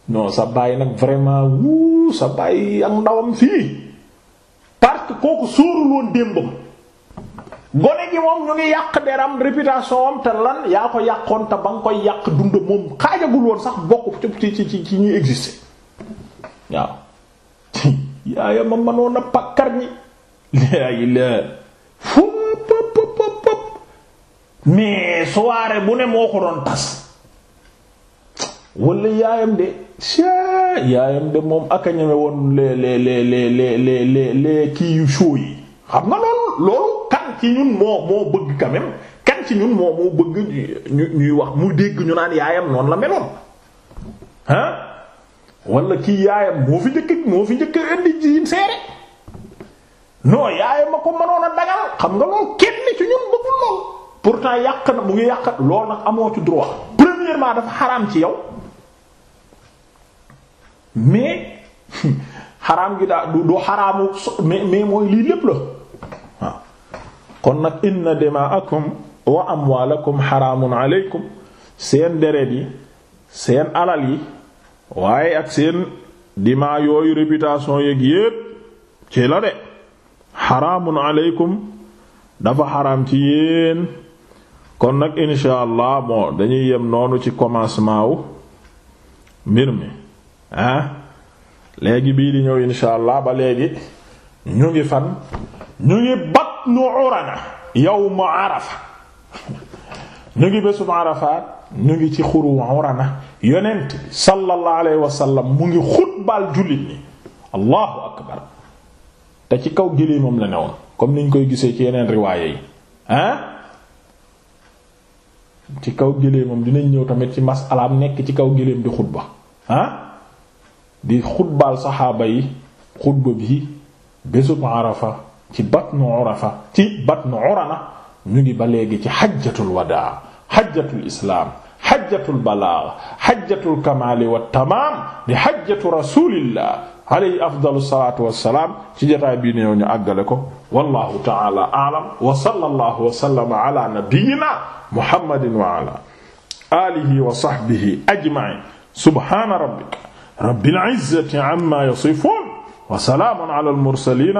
no sa baay nag vraiment wuu sa baay ak ndawam fii parce que kooku sóorul woon démbam gone gi moom ñu ngi yàq deram réputation am te lan yaa ko yàqoon te ba nga koy yàq dund moom xaajagul woon sax bokk ci ci ci ci ñuy exister waaw yaaya ma manoon a pakkar ñi laayi la fop doon tas wala yaayam de sa yaayam de moom aka ñeme woon les les les les les les les kii yu show yi xam nga loolu loolu ci ñun moo moo bëgg quand kan ci ñun moo moo bëgg ñu ñuy wax mu dégg ñu naan yaayam noonu la meloon ah wala kii yaayam moo fi njëkk moo fi njëkk indi jiin seere non yaayam ma ko mënoon a dagal xam nga lool kenn ci ñun bëggul lool pourtant yàq na mu ngi yàq lool nag amoo ci droit premièrement dafa xaraam ci yow mais xaraam gi daal du du xaraamu mais mooy lii lépp la kon nag inna dimaakum wa amwaalakum xaraamun aleykum seen deret yi seen alal yi waaye ak seen dimaa yooyu réputation yeeg yépp ci la de ci kon nag insha allah bon dañuy yem noonu ci commencement wu mbir mi ah léegi bii di ñëw insha allah ba léegi ñu ngi fan ñu ngi bat ibnu urana yawma arafa ñu ngi bésub arafaat ñu ngi ci xuru urana yonent bi sallallahu alayhi mu ngi xutbaal jullit ni allahu akbar te ci kaw gélee moom la newoon comme niñ koy gisee ci yeneen riwaaye yi ah ci kaw gélee moom dinañ ñëw tamit ci masalaam nekk ci kaw géléem di xutba ah di xutbaal saxaaba yi xutba bi bésub arafa ci batnu Urafa ci batnu Urana ñu ngi ba léegi ci xajjatul wadaa xajjatul islaam xajjatul balaag xajjatul kamaali wa tamaam di xajjatu rasuulillah alayhi afdalu salaatu wa salaam ci jotaay bii ñëw ñu àggale ko wallaahu ta'aala a'lam wa sallallaahu wa sallama ala nabiyyinaa muhammadin wa ala aalihi wa sahbihi ajma'iin subhaana rabbika rabbil izzati amma yasifuun wa salaamun ala al mursaliin